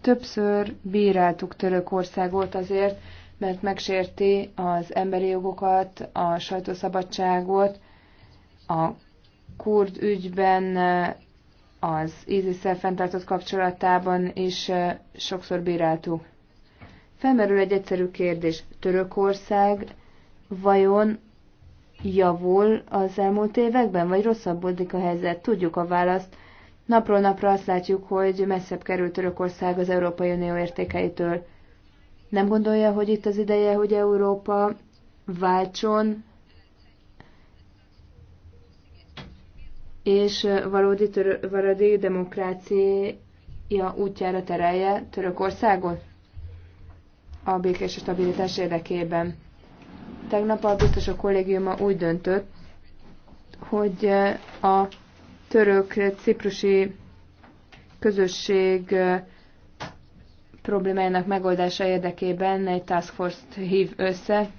többször bíráltuk Törökországot azért, mert megsérti az emberi jogokat, a sajtószabadságot, a kurd ügyben, az ISIS-szel fenntartott kapcsolatában is sokszor bíráltuk. Felmerül egy egyszerű kérdés. Törökország vajon javul az elmúlt években, vagy rosszabbodik a helyzet? Tudjuk a választ. Napról napra azt látjuk, hogy messzebb került Törökország az Európai Unió értékeitől. Nem gondolja, hogy itt az ideje, hogy Európa váltson, és valódi, tör- valódi demokrácia útjára terelje Törökországot a békés és stabilitás érdekében. Tegnap a a kollégiuma úgy döntött, hogy a török-ciprusi közösség problémájának megoldása érdekében egy task force-t hív össze.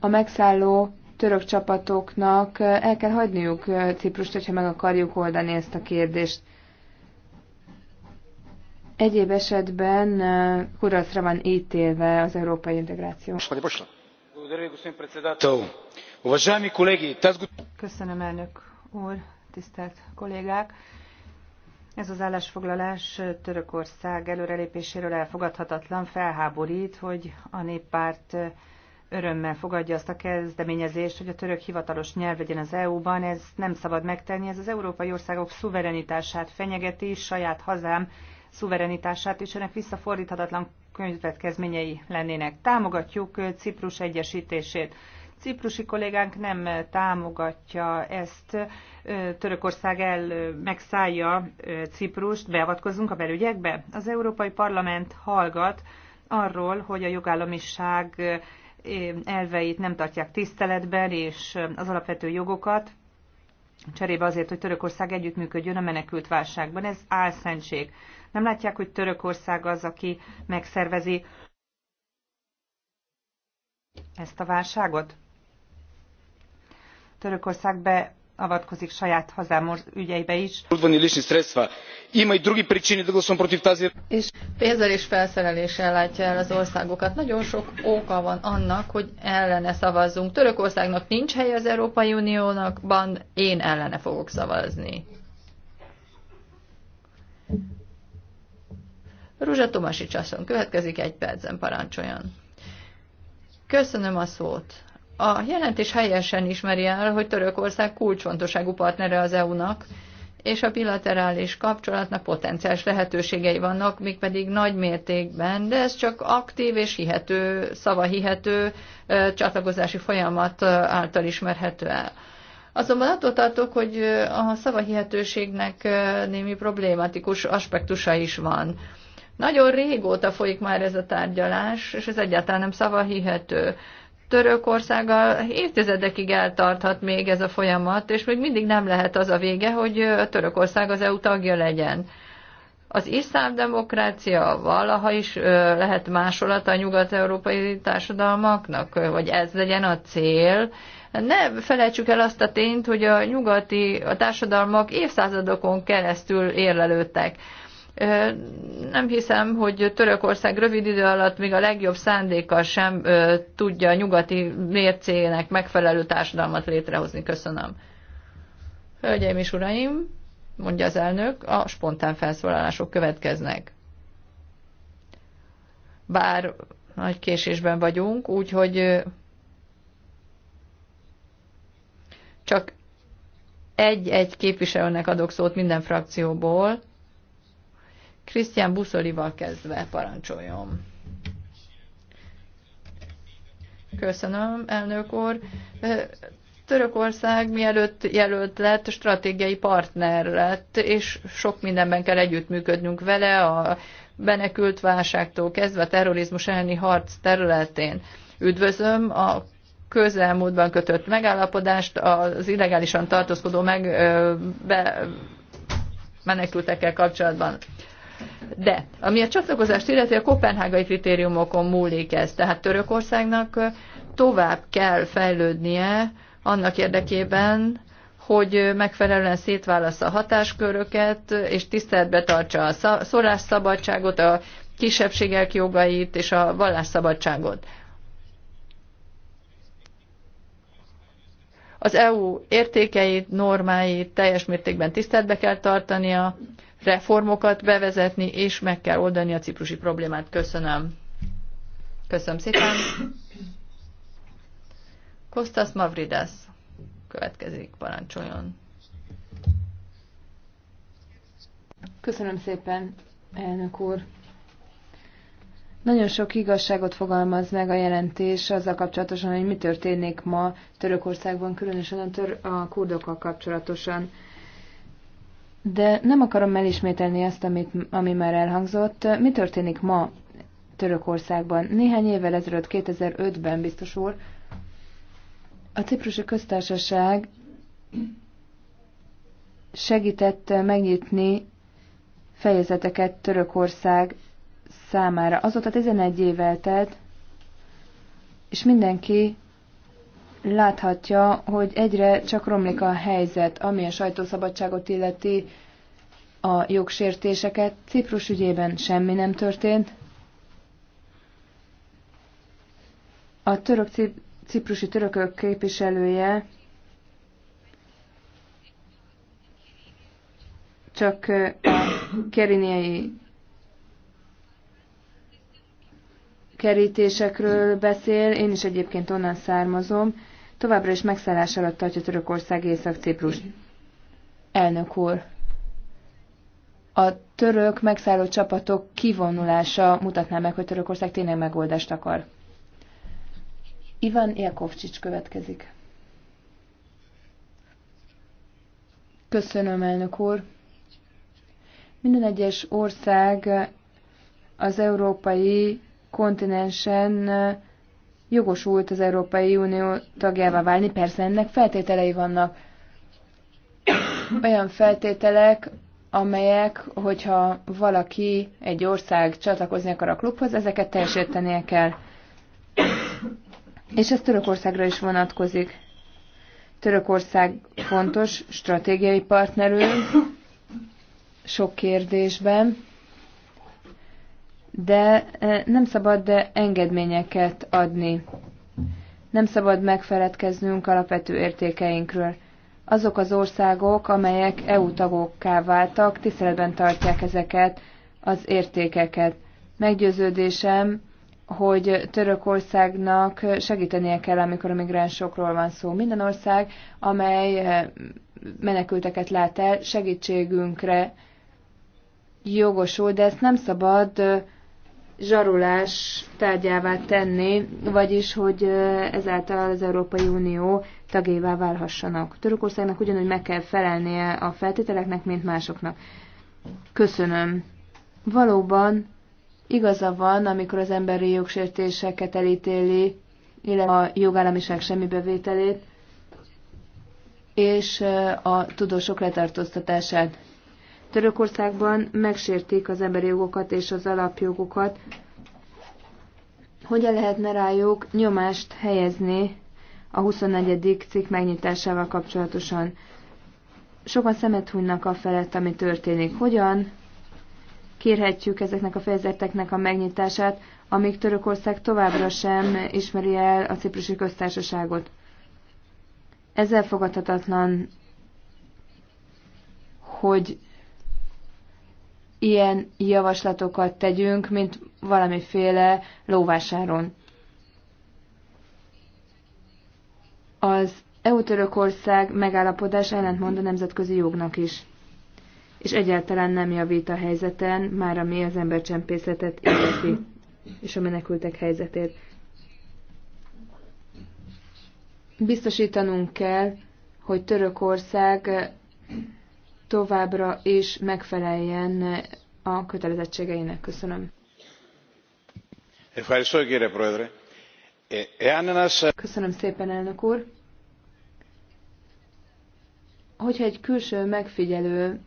A megszálló török csapatoknak el kell hagyniuk Ciprust, hogyha meg akarjuk oldani ezt a kérdést. Egyéb esetben kuracra van ítélve az európai integráció. Köszönöm, elnök úr, tisztelt kollégák! Ez az állásfoglalás Törökország előrelépéséről elfogadhatatlan, felháborít, hogy a néppárt örömmel fogadja azt a kezdeményezést, hogy a török hivatalos nyelv legyen az EU-ban. Ez nem szabad megtenni, ez az európai országok szuverenitását fenyegeti, saját hazám szuverenitását, és ennek visszafordíthatatlan következményei lennének. Támogatjuk Ciprus egyesítését. Ciprusi kollégánk nem támogatja ezt. Törökország el megszállja Ciprust, beavatkozunk a belügyekbe. Az Európai Parlament hallgat arról, hogy a jogállamiság elveit nem tartják tiszteletben, és az alapvető jogokat, cserébe azért, hogy Törökország együttműködjön a menekült válságban. Ez álszentség. Nem látják, hogy Törökország az, aki megszervezi ezt a válságot? Törökország avatkozik saját hazám ügyeibe is. És pénzzel és felszereléssel látja el az országokat. Nagyon sok oka van annak, hogy ellene szavazzunk. Törökországnak nincs helye az Európai Uniónak, én ellene fogok szavazni. Rúzsa Tomasi Császon következik, egy percen parancsoljon. Köszönöm a szót. A jelentés helyesen ismeri el, hogy Törökország kulcsfontosságú partnere az EU-nak, és a bilaterális kapcsolatnak potenciális lehetőségei vannak, mégpedig nagy mértékben, de ez csak aktív és hihető, hihető csatlakozási folyamat által ismerhető el. Azonban attól tartok, hogy a szavahihetőségnek némi problématikus aspektusa is van. Nagyon régóta folyik már ez a tárgyalás, és ez egyáltalán nem szava hihető. Törökországgal évtizedekig eltarthat még ez a folyamat, és még mindig nem lehet az a vége, hogy Törökország az EU tagja legyen. Az iszlám demokrácia valaha is lehet másolata a nyugat-európai társadalmaknak, vagy ez legyen a cél. Ne felejtsük el azt a tényt, hogy a nyugati a társadalmak évszázadokon keresztül érlelődtek nem hiszem, hogy Törökország rövid idő alatt még a legjobb szándékkal sem tudja a nyugati mércének megfelelő társadalmat létrehozni. Köszönöm. Hölgyeim és uraim, mondja az elnök, a spontán felszólalások következnek. Bár nagy késésben vagyunk, úgyhogy csak egy-egy képviselőnek adok szót minden frakcióból. Krisztián Buszolival kezdve parancsoljon. Köszönöm, elnök úr. Törökország mielőtt jelölt lett, stratégiai partner lett, és sok mindenben kell együttműködnünk vele, a benekült válságtól kezdve a terrorizmus elleni harc területén. Üdvözlöm a közelmúltban kötött megállapodást az illegálisan tartózkodó meg, be, menekültekkel kapcsolatban. De ami a csatlakozást illeti, a kopenhágai kritériumokon múlik ez. Tehát Törökországnak tovább kell fejlődnie annak érdekében, hogy megfelelően szétválassza a hatásköröket, és tiszteletbe tartsa a szólásszabadságot, a kisebbségek jogait és a vallásszabadságot. Az EU értékeit, normáit teljes mértékben tiszteletbe kell tartania, reformokat bevezetni, és meg kell oldani a ciprusi problémát. Köszönöm. Köszönöm szépen. Kostas Mavridas következik, parancsoljon. Köszönöm szépen, elnök úr. Nagyon sok igazságot fogalmaz meg a jelentés azzal kapcsolatosan, hogy mi történik ma Törökországban, különösen a, tör- a kurdokkal kapcsolatosan. De nem akarom elismételni azt, amit, ami már elhangzott. Mi történik ma Törökországban? Néhány évvel ezelőtt, 2005-ben biztos úr, a Ciprusi Köztársaság segített megnyitni fejezeteket Törökország számára. Azóta 11 év eltelt, és mindenki láthatja, hogy egyre csak romlik a helyzet, ami a sajtószabadságot illeti a jogsértéseket. Ciprus ügyében semmi nem történt. A török ciprusi törökök képviselője csak a keriniai kerítésekről beszél, én is egyébként onnan származom, továbbra is megszállás alatt tartja Törökország Észak-Ciprus. Elnök úr, a török megszálló csapatok kivonulása mutatná meg, hogy Törökország tényleg megoldást akar. Ivan Jakovcsics következik. Köszönöm, elnök úr. Minden egyes ország az európai kontinensen jogosult az Európai Unió tagjává válni. Persze ennek feltételei vannak. Olyan feltételek, amelyek, hogyha valaki, egy ország csatlakozni akar a klubhoz, ezeket teljesítenie kell. És ez Törökországra is vonatkozik. Törökország fontos stratégiai partnerünk sok kérdésben, de eh, nem szabad eh, engedményeket adni. Nem szabad megfeledkeznünk alapvető értékeinkről. Azok az országok, amelyek EU tagokká váltak, tiszteletben tartják ezeket az értékeket. Meggyőződésem, hogy Törökországnak segítenie kell, amikor a migránsokról van szó. Minden ország, amely eh, menekülteket lát el, segítségünkre jogosul, de ezt nem szabad zsarulás tárgyává tenni, vagyis hogy ezáltal az Európai Unió tagévá válhassanak. Törökországnak ugyanúgy meg kell felelnie a feltételeknek, mint másoknak. Köszönöm. Valóban igaza van, amikor az emberi jogsértéseket elítéli, illetve a jogállamiság bevételét, és a tudósok letartóztatását. Törökországban megsértik az emberi jogokat és az alapjogokat. Hogyan lehetne rájuk nyomást helyezni a 24. cikk megnyitásával kapcsolatosan? Sokan szemet hunynak a felett, ami történik. Hogyan kérhetjük ezeknek a fejezeteknek a megnyitását, amíg Törökország továbbra sem ismeri el a ciprusi köztársaságot? Ez elfogadhatatlan, hogy ilyen javaslatokat tegyünk, mint valamiféle lóvásáron. Az EU-Törökország megállapodás ellentmond a nemzetközi jognak is, és egyáltalán nem javít a helyzeten, már ami az embercsempészetet illeti, és a menekültek helyzetét. Biztosítanunk kell, hogy Törökország továbbra is megfeleljen a kötelezettségeinek. Köszönöm. Köszönöm szépen, elnök úr. Hogyha egy külső megfigyelő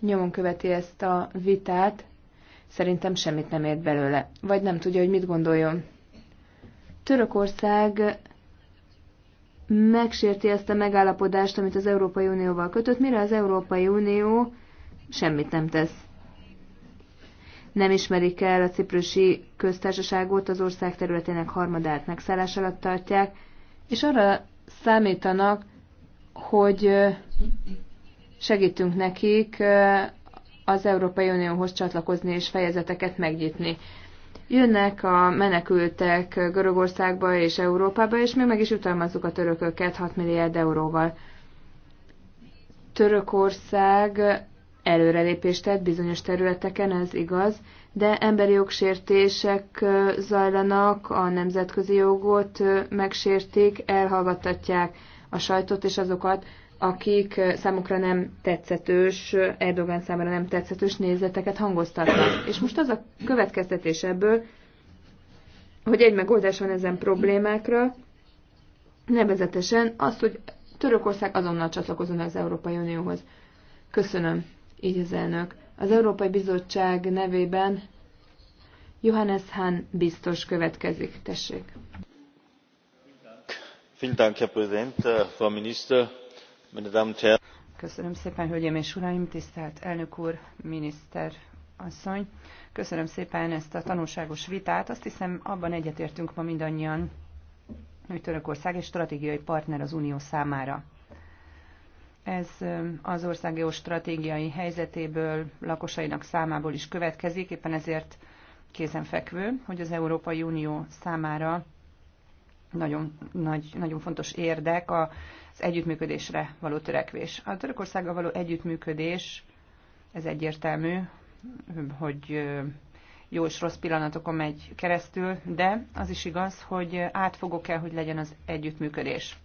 nyomon követi ezt a vitát, szerintem semmit nem ért belőle, vagy nem tudja, hogy mit gondoljon. Törökország megsérti ezt a megállapodást, amit az Európai Unióval kötött, mire az Európai Unió semmit nem tesz. Nem ismerik el a ciprusi köztársaságot, az ország területének harmadát megszállás alatt tartják, és arra számítanak, hogy segítünk nekik az Európai Unióhoz csatlakozni és fejezeteket megnyitni. Jönnek a menekültek Görögországba és Európába, és mi meg is jutalmazzuk a törököket 6 milliárd euróval. Törökország előrelépést tett bizonyos területeken, ez igaz, de emberi jogsértések zajlanak, a nemzetközi jogot megsértik, elhallgattatják a sajtot és azokat, akik eh, számukra nem tetszetős, Erdogan számára nem tetszetős nézeteket hangoztatnak. És most az a következtetés ebből, hogy egy megoldás van ezen problémákra, nevezetesen az, hogy Törökország azonnal csatlakozon az Európai Unióhoz. Köszönöm, így az elnök. Az Európai Bizottság nevében Johannes Hahn biztos következik. Tessék. Vielen Dank, Herr Präsident, äh, Frau Minister. Köszönöm szépen, hölgyeim és uraim, tisztelt elnök úr, miniszter asszony. Köszönöm szépen ezt a tanulságos vitát. Azt hiszem, abban egyetértünk ma mindannyian, hogy Törökország egy stratégiai partner az Unió számára. Ez az ország geostratégiai helyzetéből, lakosainak számából is következik, éppen ezért kézenfekvő, hogy az Európai Unió számára nagyon, nagy, nagyon fontos érdek az együttműködésre való törekvés. A Törökországgal való együttműködés, ez egyértelmű, hogy jó és rossz pillanatokon megy keresztül, de az is igaz, hogy átfogó kell, hogy legyen az együttműködés.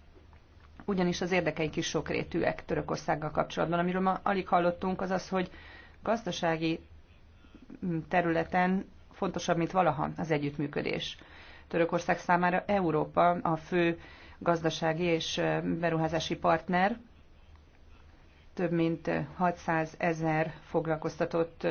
Ugyanis az érdekeink is sokrétűek Törökországgal kapcsolatban. Amiről ma alig hallottunk, az az, hogy gazdasági területen fontosabb, mint valaha az együttműködés. Törökország számára Európa a fő gazdasági és beruházási partner. Több mint 600 ezer foglalkoztatott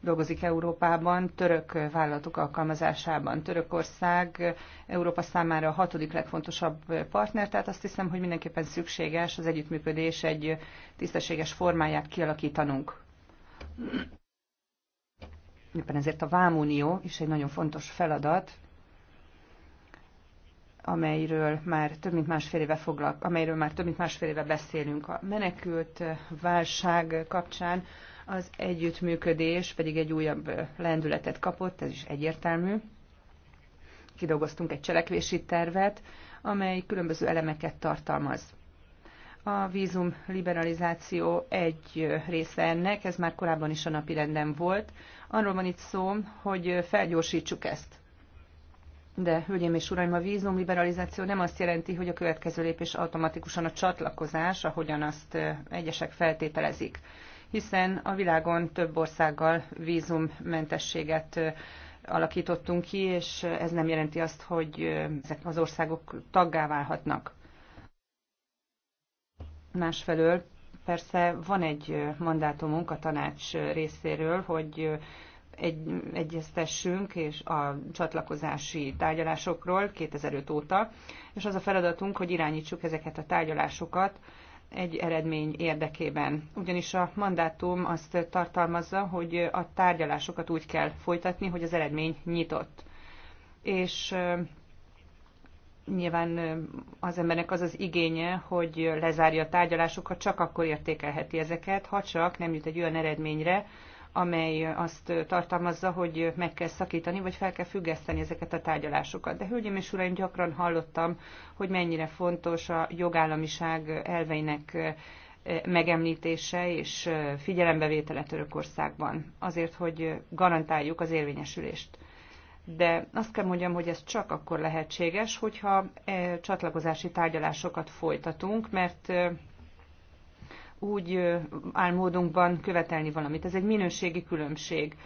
dolgozik Európában, török vállalatok alkalmazásában. Törökország Európa számára a hatodik legfontosabb partner, tehát azt hiszem, hogy mindenképpen szükséges az együttműködés egy tisztességes formáját kialakítanunk. Éppen ezért a Vámunió is egy nagyon fontos feladat, amelyről már több mint másfél éve foglalk, amelyről már több mint másfél éve beszélünk a menekült válság kapcsán, az együttműködés pedig egy újabb lendületet kapott, ez is egyértelmű. Kidolgoztunk egy cselekvési tervet, amely különböző elemeket tartalmaz. A vízum liberalizáció egy része ennek, ez már korábban is a napirenden volt. Arról van itt szó, hogy felgyorsítsuk ezt de, hölgyeim és uraim, a vízum liberalizáció nem azt jelenti, hogy a következő lépés automatikusan a csatlakozás, ahogyan azt egyesek feltételezik. Hiszen a világon több országgal vízummentességet alakítottunk ki, és ez nem jelenti azt, hogy ezek az országok taggá válhatnak. Másfelől persze van egy mandátumunk a tanács részéről, hogy egy, egyeztessünk és a csatlakozási tárgyalásokról 2005 óta, és az a feladatunk, hogy irányítsuk ezeket a tárgyalásokat egy eredmény érdekében. Ugyanis a mandátum azt tartalmazza, hogy a tárgyalásokat úgy kell folytatni, hogy az eredmény nyitott. És nyilván az embernek az az igénye, hogy lezárja a tárgyalásokat, csak akkor értékelheti ezeket, ha csak nem jut egy olyan eredményre, amely azt tartalmazza, hogy meg kell szakítani, vagy fel kell függeszteni ezeket a tárgyalásokat. De hölgyeim és uraim, gyakran hallottam, hogy mennyire fontos a jogállamiság elveinek eh, megemlítése és eh, figyelembevétele Törökországban, azért, hogy garantáljuk az érvényesülést. De azt kell mondjam, hogy ez csak akkor lehetséges, hogyha eh, csatlakozási tárgyalásokat folytatunk, mert úgy áll módunkban követelni valamit. Ez egy minőségi különbség.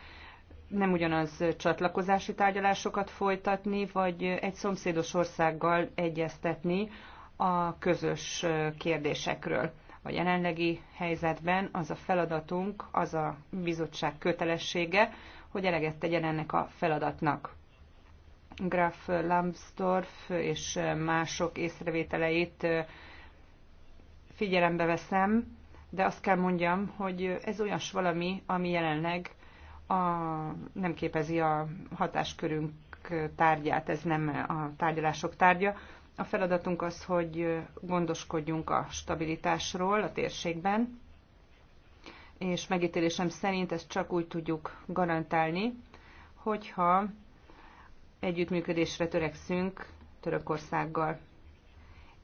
Nem ugyanaz csatlakozási tárgyalásokat folytatni, vagy egy szomszédos országgal egyeztetni a közös kérdésekről. A jelenlegi helyzetben az a feladatunk, az a bizottság kötelessége, hogy eleget tegyen ennek a feladatnak. Graf Lambsdorff és mások észrevételeit figyelembe veszem, de azt kell mondjam, hogy ez olyas valami, ami jelenleg a, nem képezi a hatáskörünk tárgyát, ez nem a tárgyalások tárgya. A feladatunk az, hogy gondoskodjunk a stabilitásról a térségben, és megítélésem szerint ezt csak úgy tudjuk garantálni, hogyha együttműködésre törekszünk Törökországgal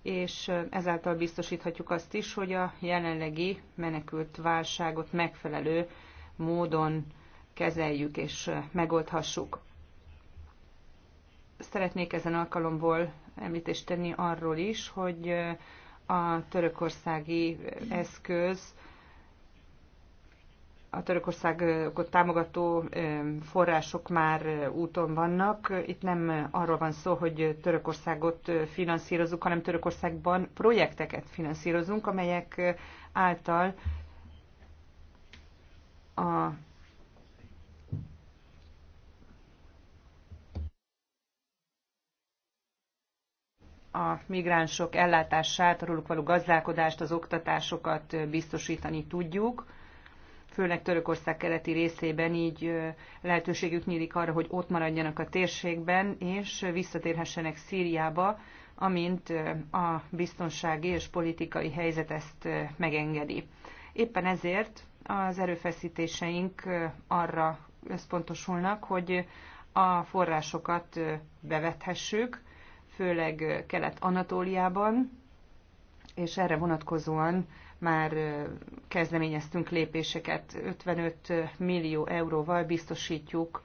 és ezáltal biztosíthatjuk azt is, hogy a jelenlegi menekült válságot megfelelő módon kezeljük és megoldhassuk. Szeretnék ezen alkalomból említést tenni arról is, hogy a törökországi eszköz a Törökországot támogató források már úton vannak. Itt nem arról van szó, hogy Törökországot finanszírozunk, hanem Törökországban projekteket finanszírozunk, amelyek által a a migránsok ellátását, róluk való gazdálkodást, az oktatásokat biztosítani tudjuk főleg Törökország keleti részében így lehetőségük nyílik arra, hogy ott maradjanak a térségben, és visszatérhessenek Szíriába, amint a biztonsági és politikai helyzet ezt megengedi. Éppen ezért az erőfeszítéseink arra összpontosulnak, hogy a forrásokat bevethessük, főleg Kelet-Anatóliában, és erre vonatkozóan már kezdeményeztünk lépéseket. 55 millió euróval biztosítjuk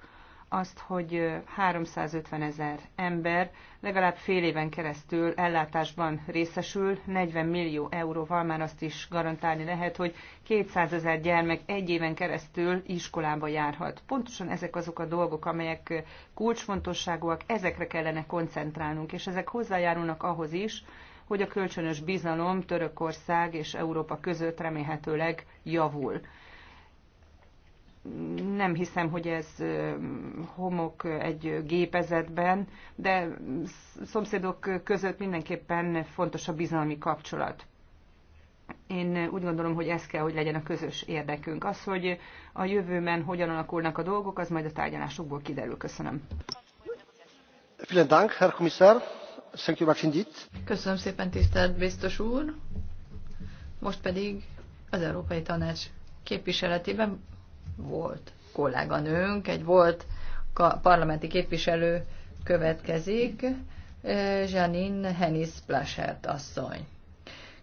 azt, hogy 350 ezer ember legalább fél éven keresztül ellátásban részesül, 40 millió euróval már azt is garantálni lehet, hogy 200 ezer gyermek egy éven keresztül iskolába járhat. Pontosan ezek azok a dolgok, amelyek kulcsfontosságúak, ezekre kellene koncentrálnunk, és ezek hozzájárulnak ahhoz is, hogy a kölcsönös bizalom Törökország és Európa között remélhetőleg javul nem hiszem, hogy ez homok egy gépezetben, de szomszédok között mindenképpen fontos a bizalmi kapcsolat. Én úgy gondolom, hogy ez kell, hogy legyen a közös érdekünk. Az, hogy a jövőben hogyan alakulnak a dolgok, az majd a tárgyalásokból kiderül. Köszönöm. Vielen Dank, Herr Kommissar. Thank you Köszönöm szépen, tisztelt biztos úr. Most pedig az Európai Tanács képviseletében volt kolléganőnk, egy volt parlamenti képviselő következik, Janine Hennis Plasert asszony.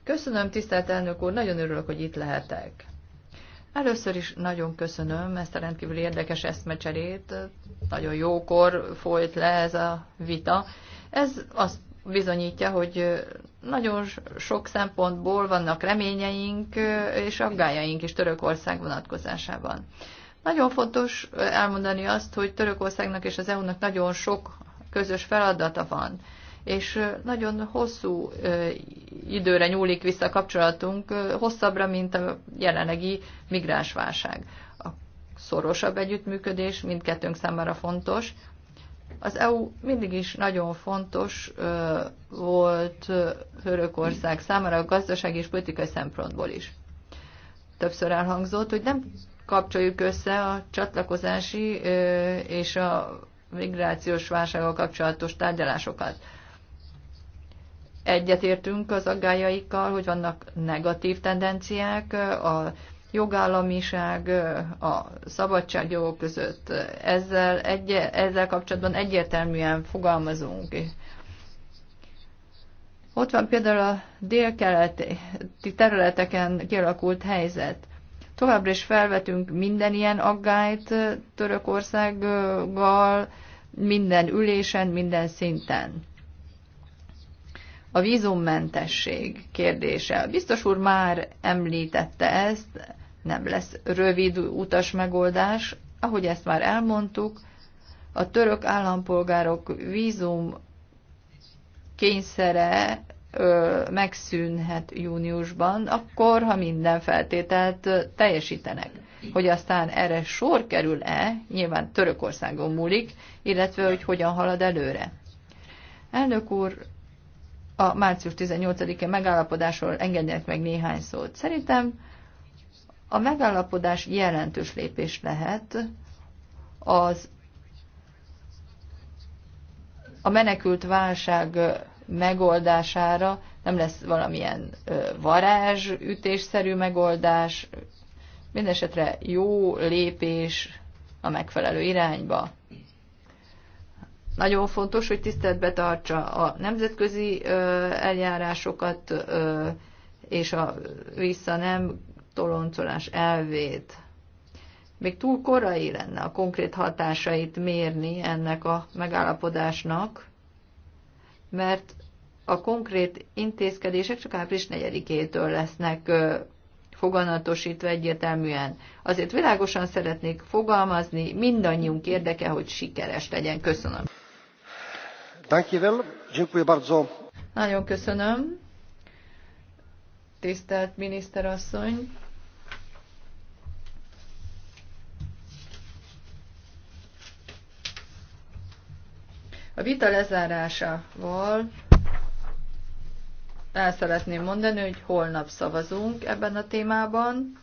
Köszönöm, tisztelt elnök úr, nagyon örülök, hogy itt lehetek. Először is nagyon köszönöm ezt a rendkívül érdekes eszmecserét. Nagyon jókor folyt le ez a vita, ez azt bizonyítja, hogy nagyon sok szempontból vannak reményeink és aggájaink is Törökország vonatkozásában. Nagyon fontos elmondani azt, hogy Törökországnak és az EU-nak nagyon sok közös feladata van, és nagyon hosszú időre nyúlik vissza a kapcsolatunk, hosszabbra, mint a jelenlegi migránsválság. A szorosabb együttműködés mindkettőnk számára fontos, az EU mindig is nagyon fontos volt Törökország számára a gazdasági és politikai szempontból is. Többször elhangzott, hogy nem kapcsoljuk össze a csatlakozási és a migrációs válsággal kapcsolatos tárgyalásokat. Egyetértünk az aggájaikkal, hogy vannak negatív tendenciák a jogállamiság, a szabadságjogok között. Ezzel, egy, ezzel kapcsolatban egyértelműen fogalmazunk. Ott van például a délkeleti területeken kialakult helyzet. Továbbra is felvetünk minden ilyen aggályt Törökországgal, minden ülésen, minden szinten. A vízummentesség kérdése. Biztos úr már említette ezt, nem lesz rövid utas megoldás. Ahogy ezt már elmondtuk, a török állampolgárok vízum kényszere ö, megszűnhet júniusban, akkor, ha minden feltételt ö, teljesítenek. Hogy aztán erre sor kerül-e, nyilván Törökországon múlik, illetve hogy hogyan halad előre. Elnök úr, a március 18 e megállapodásról engedjenek meg néhány szót. Szerintem a megállapodás jelentős lépés lehet az a menekült válság megoldására, nem lesz valamilyen varázs, ütésszerű megoldás, mindesetre jó lépés a megfelelő irányba. Nagyon fontos, hogy tiszteletbe tartsa a nemzetközi eljárásokat és a vissza nem toloncolás elvét. Még túl korai lenne a konkrét hatásait mérni ennek a megállapodásnak, mert a konkrét intézkedések csak április 4-től lesznek foganatosítva egyértelműen. Azért világosan szeretnék fogalmazni, mindannyiunk érdeke, hogy sikeres legyen. Köszönöm. Nagyon köszönöm. Tisztelt miniszterasszony! A vita lezárásával el szeretném mondani, hogy holnap szavazunk ebben a témában.